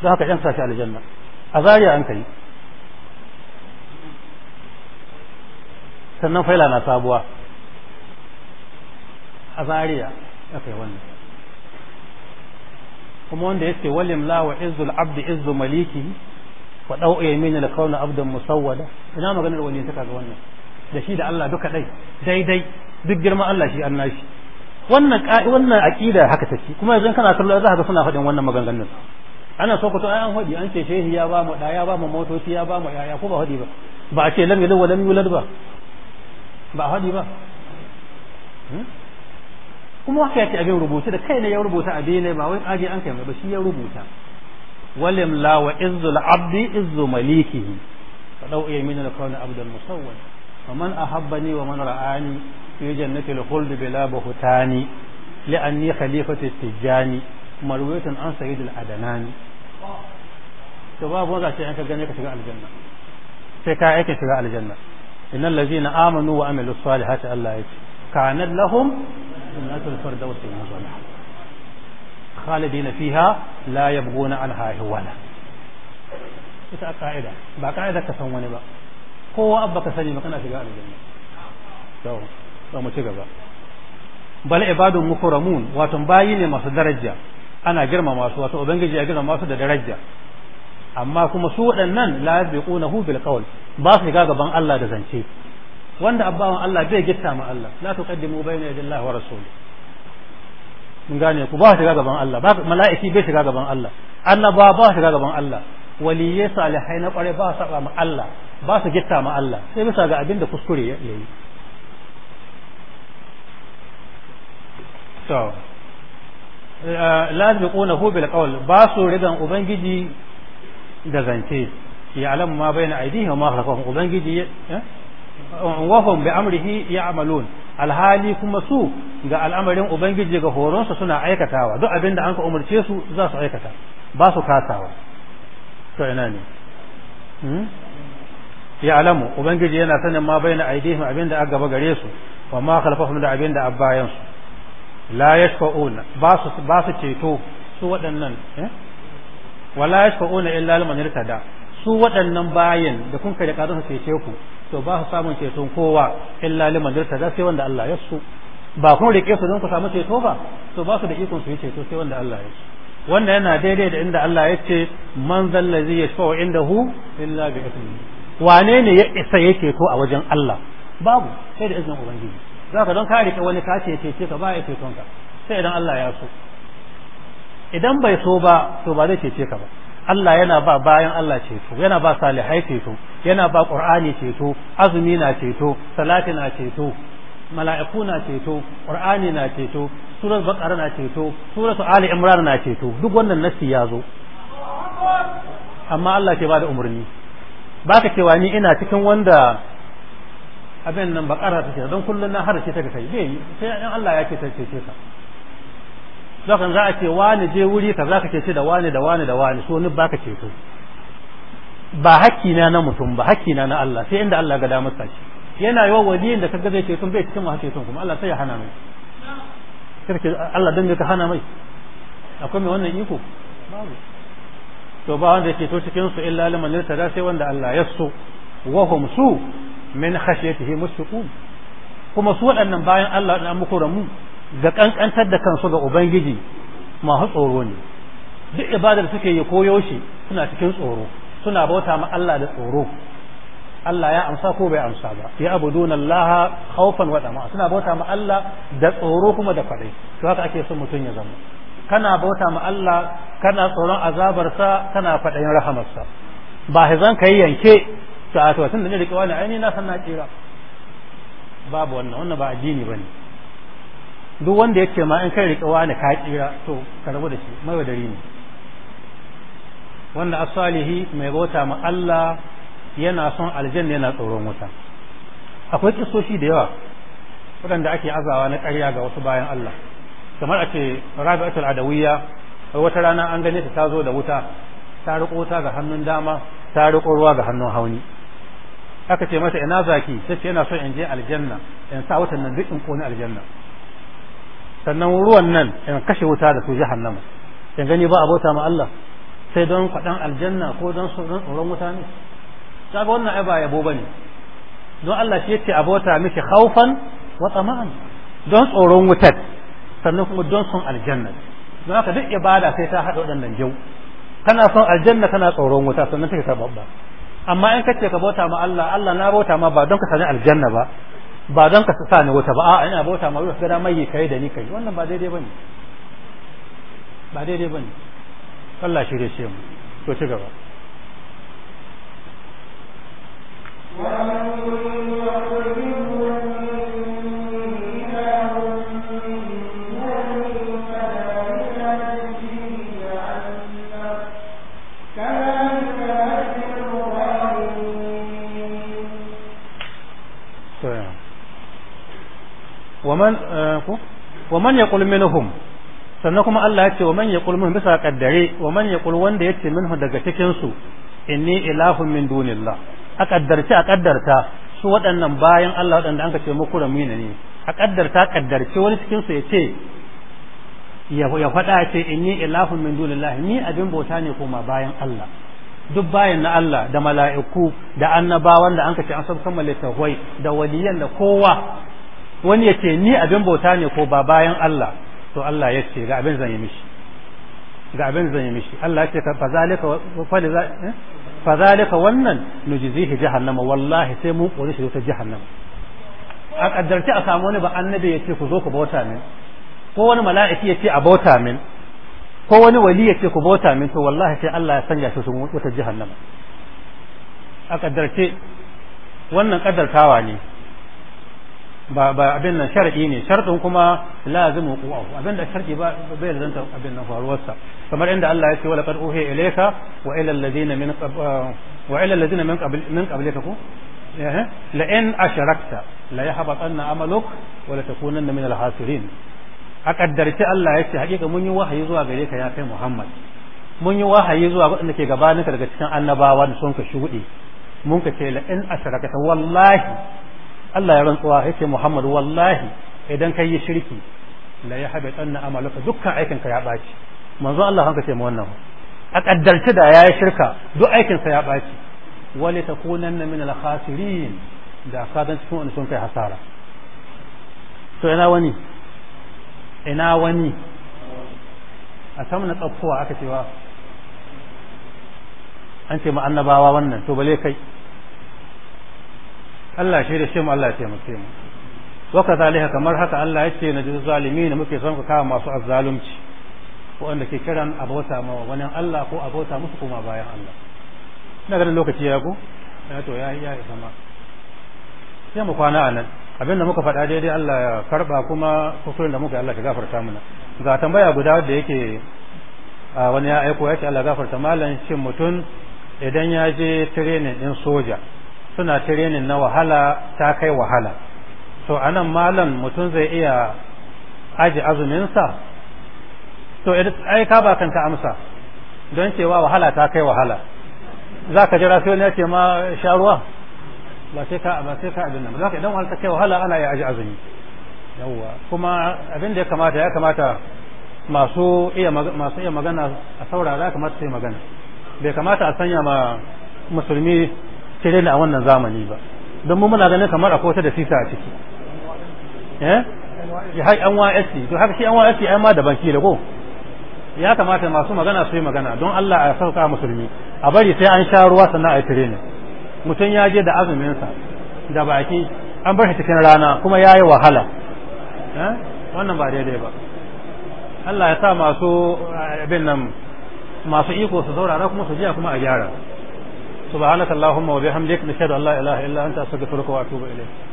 don haka yan shi aljanna a zariya an kai sannan faila na sabuwa a zariya aka yi wannan kuma wanda ya ce walim la wa izzul abdi izzu maliki wa dau yamin al kauna abdan musawwada ina maganar wani ta kaga wannan da shi da Allah duka dai daidai duk girman Allah shi an nashi. wannan wannan aqida haka take kuma yanzu kana kallo za ka suna faɗin wannan maganganun ana so ku to ai an hodi an ce shehi ya ba mu da ya ba mu motoci ya ba mu yaya ko ba hodi ba ba a ce lan yalid wa lam yulad ba ba haɗi ba hmm? kuma haka ya abin rubuta da kai ne ya rubuta abin ne ba wai aje an kai ba shi ya rubuta walim la wa izzul abdi izzu malikihi fa dau yamin al kawn abd al musawwal wa man ahabbani wa man ra'ani fi jannati al khuld bila buhtani li anni khalifatu tijani marwayatan an sayyid al adanani to babu wanda sai an ka gane ka shiga aljanna sai ka aika shiga aljanna إن الذين آمنوا وعملوا الصالحات ألا يجي كانت لهم من الفردوس نظرا خالدين فيها لا يبغون عنها هوانا إذا قاعدة بقى قاعدة كثواني بقى هو أبقى سني مكان أشياء الجنة لو لو متقبل بل عباد مكرمون واتم باين ما درجة أنا جرم ما سوى وبنجي أجرم ما درجة أما كما سوء النن لا يسبقونه بالقول ba su shiga gaban Allah da zance wanda abbawan Allah bai gitta ma Allah la tuqaddimu bayna yadillahi wa rasuli mun gane ku ba su shiga gaban Allah ba mala'iki bai shiga gaban Allah Allah ba ba shiga gaban Allah waliyye salihai na kware ba su saba ma Allah ba su gitta ma Allah sai bisa ga abin da kuskure ya yi to eh, lazimi ƙona bil qawl ba su rigan ubangiji da zance ya'lamu ma bayna aydihim ma khalfahum ubangiji hum bi amrihi ya'malun alhali kuma su ga al'amarin ubangiji ga horon su suna aikatawa duk abin da an ka umarce su za su aikata ba su kasawa to ina ne ya'lamu ubangiji yana sanin ma bayna aydihim abin da aka gaba gare su wa ma khalfahum da abin da abbayan su la yashfa'un ba su ba su ceto su waɗannan wala yashfa'una illa liman irtada su waɗannan bayan da kun kai da ƙarfin cece ku to ba su samun ceton kowa illa liman dirta da sai wanda Allah ya su ba kun rike su don ku samu ceto ba to ba su da ikon su yi ceto sai wanda Allah ya su wannan yana daidai da inda Allah ya ce man zallazi yashfa'u indahu illa bi ismi wane ne ya isa ya ceto a wajen Allah babu sai da izinin ubangiji zaka don ka rike wani ka ce ce ka ba ya ceton ka sai idan Allah ya so idan bai so ba to ba zai cece ka ba Allah yana ba bayan Allah ceto yana ba salihai ceto yana ba qur'ani ceto azumi na ceto salati na ceto mala'iku na ceto qur'ani na ceto surar baqara na ceto suratu ali imran na ceto duk wannan nasi ya zo amma Allah ke ba bada umarni ka cewa ni ina cikin wanda abin nan baqara take don kullun na ce ta kai bai sai Allah ya ce ta ce ka dokan za a ce wani je wuri ka za ka ce da wani da wani da wani so ni baka ce to ba hakki na na mutum ba hakki na na Allah sai inda Allah ga damar sa shi yana yawan waliyin da kaga zai ce tun bai cikin ma ce tun kuma Allah sai ya hana mai kirki Allah dan ka hana mai akwai mai wannan iko babu to ba wanda yake to cikin su illa liman da sai wanda Allah ya so wa hum su min khashyatihi mushfiqun kuma su waɗannan bayan Allah da muku mu. ga kankantar da kansu ga ubangiji masu tsoro ne duk ibadar suke yi koyo shi suna cikin tsoro suna bauta ma Allah da tsoro Allah ya amsa ko bai amsa ba ya abuduna Allah khawfan wa dama suna bauta ma Allah da tsoro kuma da kwadai to haka ake son mutum ya zama kana bauta ma Allah kana tsoron azabarsa kana kwadayin rahamarsa ba hizan kai yanke to a to tun da ne da kawai aini na san na tsira babu wannan wannan ba addini bane duk wanda ya ce ma in kai riƙe wani ka tsira to ka rabu da shi mai wadari ne wanda asalihi mai bauta ma Allah yana son aljanna yana tsoron wuta akwai kisoshi da yawa waɗanda ake azawa na ƙarya ga wasu bayan Allah kamar a ce rabi'atul adawiyya wata rana an gane ta zo da wuta ta riƙo ta ga hannun dama ta riƙo ruwa ga hannun hauni aka ce mata ina zaki tace yana son in je aljanna in sa watan nan duk in aljanna sannan ruwan nan in kashe wuta da su jahannama in gani ba a bauta ma Allah sai don kwaɗan aljanna ko don tsoron wuta ne kaga wannan ai ba yabo bane don Allah shi yace bauta miki khaufan wa tama'an don tsoron wutar sannan kuma don son aljanna don haka duk ibada sai ta haɗa waɗannan jau kana son aljanna kana tsoron wuta sannan take ta babba amma in kace ka bauta ma Allah Allah na bauta ma ba don ka sani aljanna ba ba don ka sa ni wata ba a ina bauta ma ruwa gada mai kai da ni kai wannan ba daidai bane ba daidai bane Allah shi da shi mu to ci gaba wa'amuru يُعْرِضْ عَنْ waman ko waman sannan kuma Allah ya ce wa yaqul minhum bisa kaddare waman yaqul wanda yace minhu daga cikin su inni ilahun min a kaddarci a kaddarta su waɗannan bayan Allah waɗanda an ka muku ramina ne a kaddarta kaddarci wani cikinsu ya ce ya faɗa ce inni ilahun min dunillah ni abin bauta ne kuma bayan Allah duk bayan na Allah da mala'iku da annabawan da an ce an san kammala tawai da waliyan da kowa wani ya ce ni abin bauta ne ko ba bayan Allah to Allah ya ce ga abin zan yi mishi ga abin zan yi mishi Allah ya ce fa zalika eh? fa zalika wannan nujzihi jahannama wallahi sai mu kore shi ta jahannama a kaddarci a samu wani ba annabi ya ce ku zo ku bauta min ko wani mala'iki ya ce a bauta min ko wani wali ya ce ku bauta min to wallahi sai Allah ya sanya su wata jahannama a kaddarce wannan kaddartawa ne ba ba abin nan shar'i ne sharɗin kuma lazim wuqu'ahu abin da shar'i ba bai zanta abin nan faruwarsa kamar inda Allah ya ce wala qad uhiya ilayka wa ila alladhina min wa ila alladhina min qabl min qablika ku eh, la in asharakta la yahbatanna amaluk wa la takunanna min al-hasirin a kaddarci Allah ya ce hakika mun yi wahayi zuwa gare ka ya kai Muhammad mun yi wahayi zuwa waɗanda ke gabanin ka daga cikin annabawa da sun ka shuɗe mun ka ce la in asharakta wallahi Allah ya rantsuwa yake Muhammad wallahi idan kai yi shirki la ya habi tsanna amaluka dukkan aikin ka ya baci manzo Allah hanka ce mu wannan a kaddarci da yayi shirka duk aikin sa ya baci wali takunanna min al khasirin da ka dan cikin wani sun kai hasara to ina wani ina wani a samun tsaffuwa aka cewa an ce ma annabawa wannan to bale kai Allah shi da shi mu Allah ya taimake mu wa kadhalika kamar haka Allah ya ce na juz zalimin muke son ka kama masu azzalumci wanda ke kiran abota ma wani Allah ko abota musu kuma bayan Allah ina ganin lokaci ya go ya to ya ya isa ma sai mu kwana anan abinda muka faɗa daidai Allah ya karba kuma kusurin da muka Allah ya gafarta mana ga tambaya guda da yake wani ya aiko ya ce Allah gafarta malam shin mutum idan ya je training din soja suna tirenin na wahala ta kai wahala to anan malam mutum zai iya aji azuminsa to ai ka ba kanka amsa don cewa wahala ta kai wahala za ka jira sai ne ya ce ma Sharuwa ba sai ka ba sai ka abin nan za ka idan wahala ta kai wahala ana iya aji azumi yawwa kuma abin da ya kamata ya kamata masu iya masu iya magana a saurara kamata su yi magana bai kamata a sanya ma musulmi sai dai na wannan zamani ba don mu muna ganin kamar akwai wata da sisa a ciki eh? ya hai an YSC to haka shi an YSC ma da banki da ko ya kamata masu magana su yi magana don Allah a sauka musulmi a bari sai an sha ruwa sannan a yi training mutum ya je da azumin sa da baki an bar shi cikin rana kuma ya yi wahala eh? wannan ba daidai ba Allah ya sa masu eh, abin nan masu iko su saurara kuma su jiya kuma a gyara subhanakallahumma wa bihamdika nashhadu an la ilaha illa anta astaghfiruka wa atubu ilayk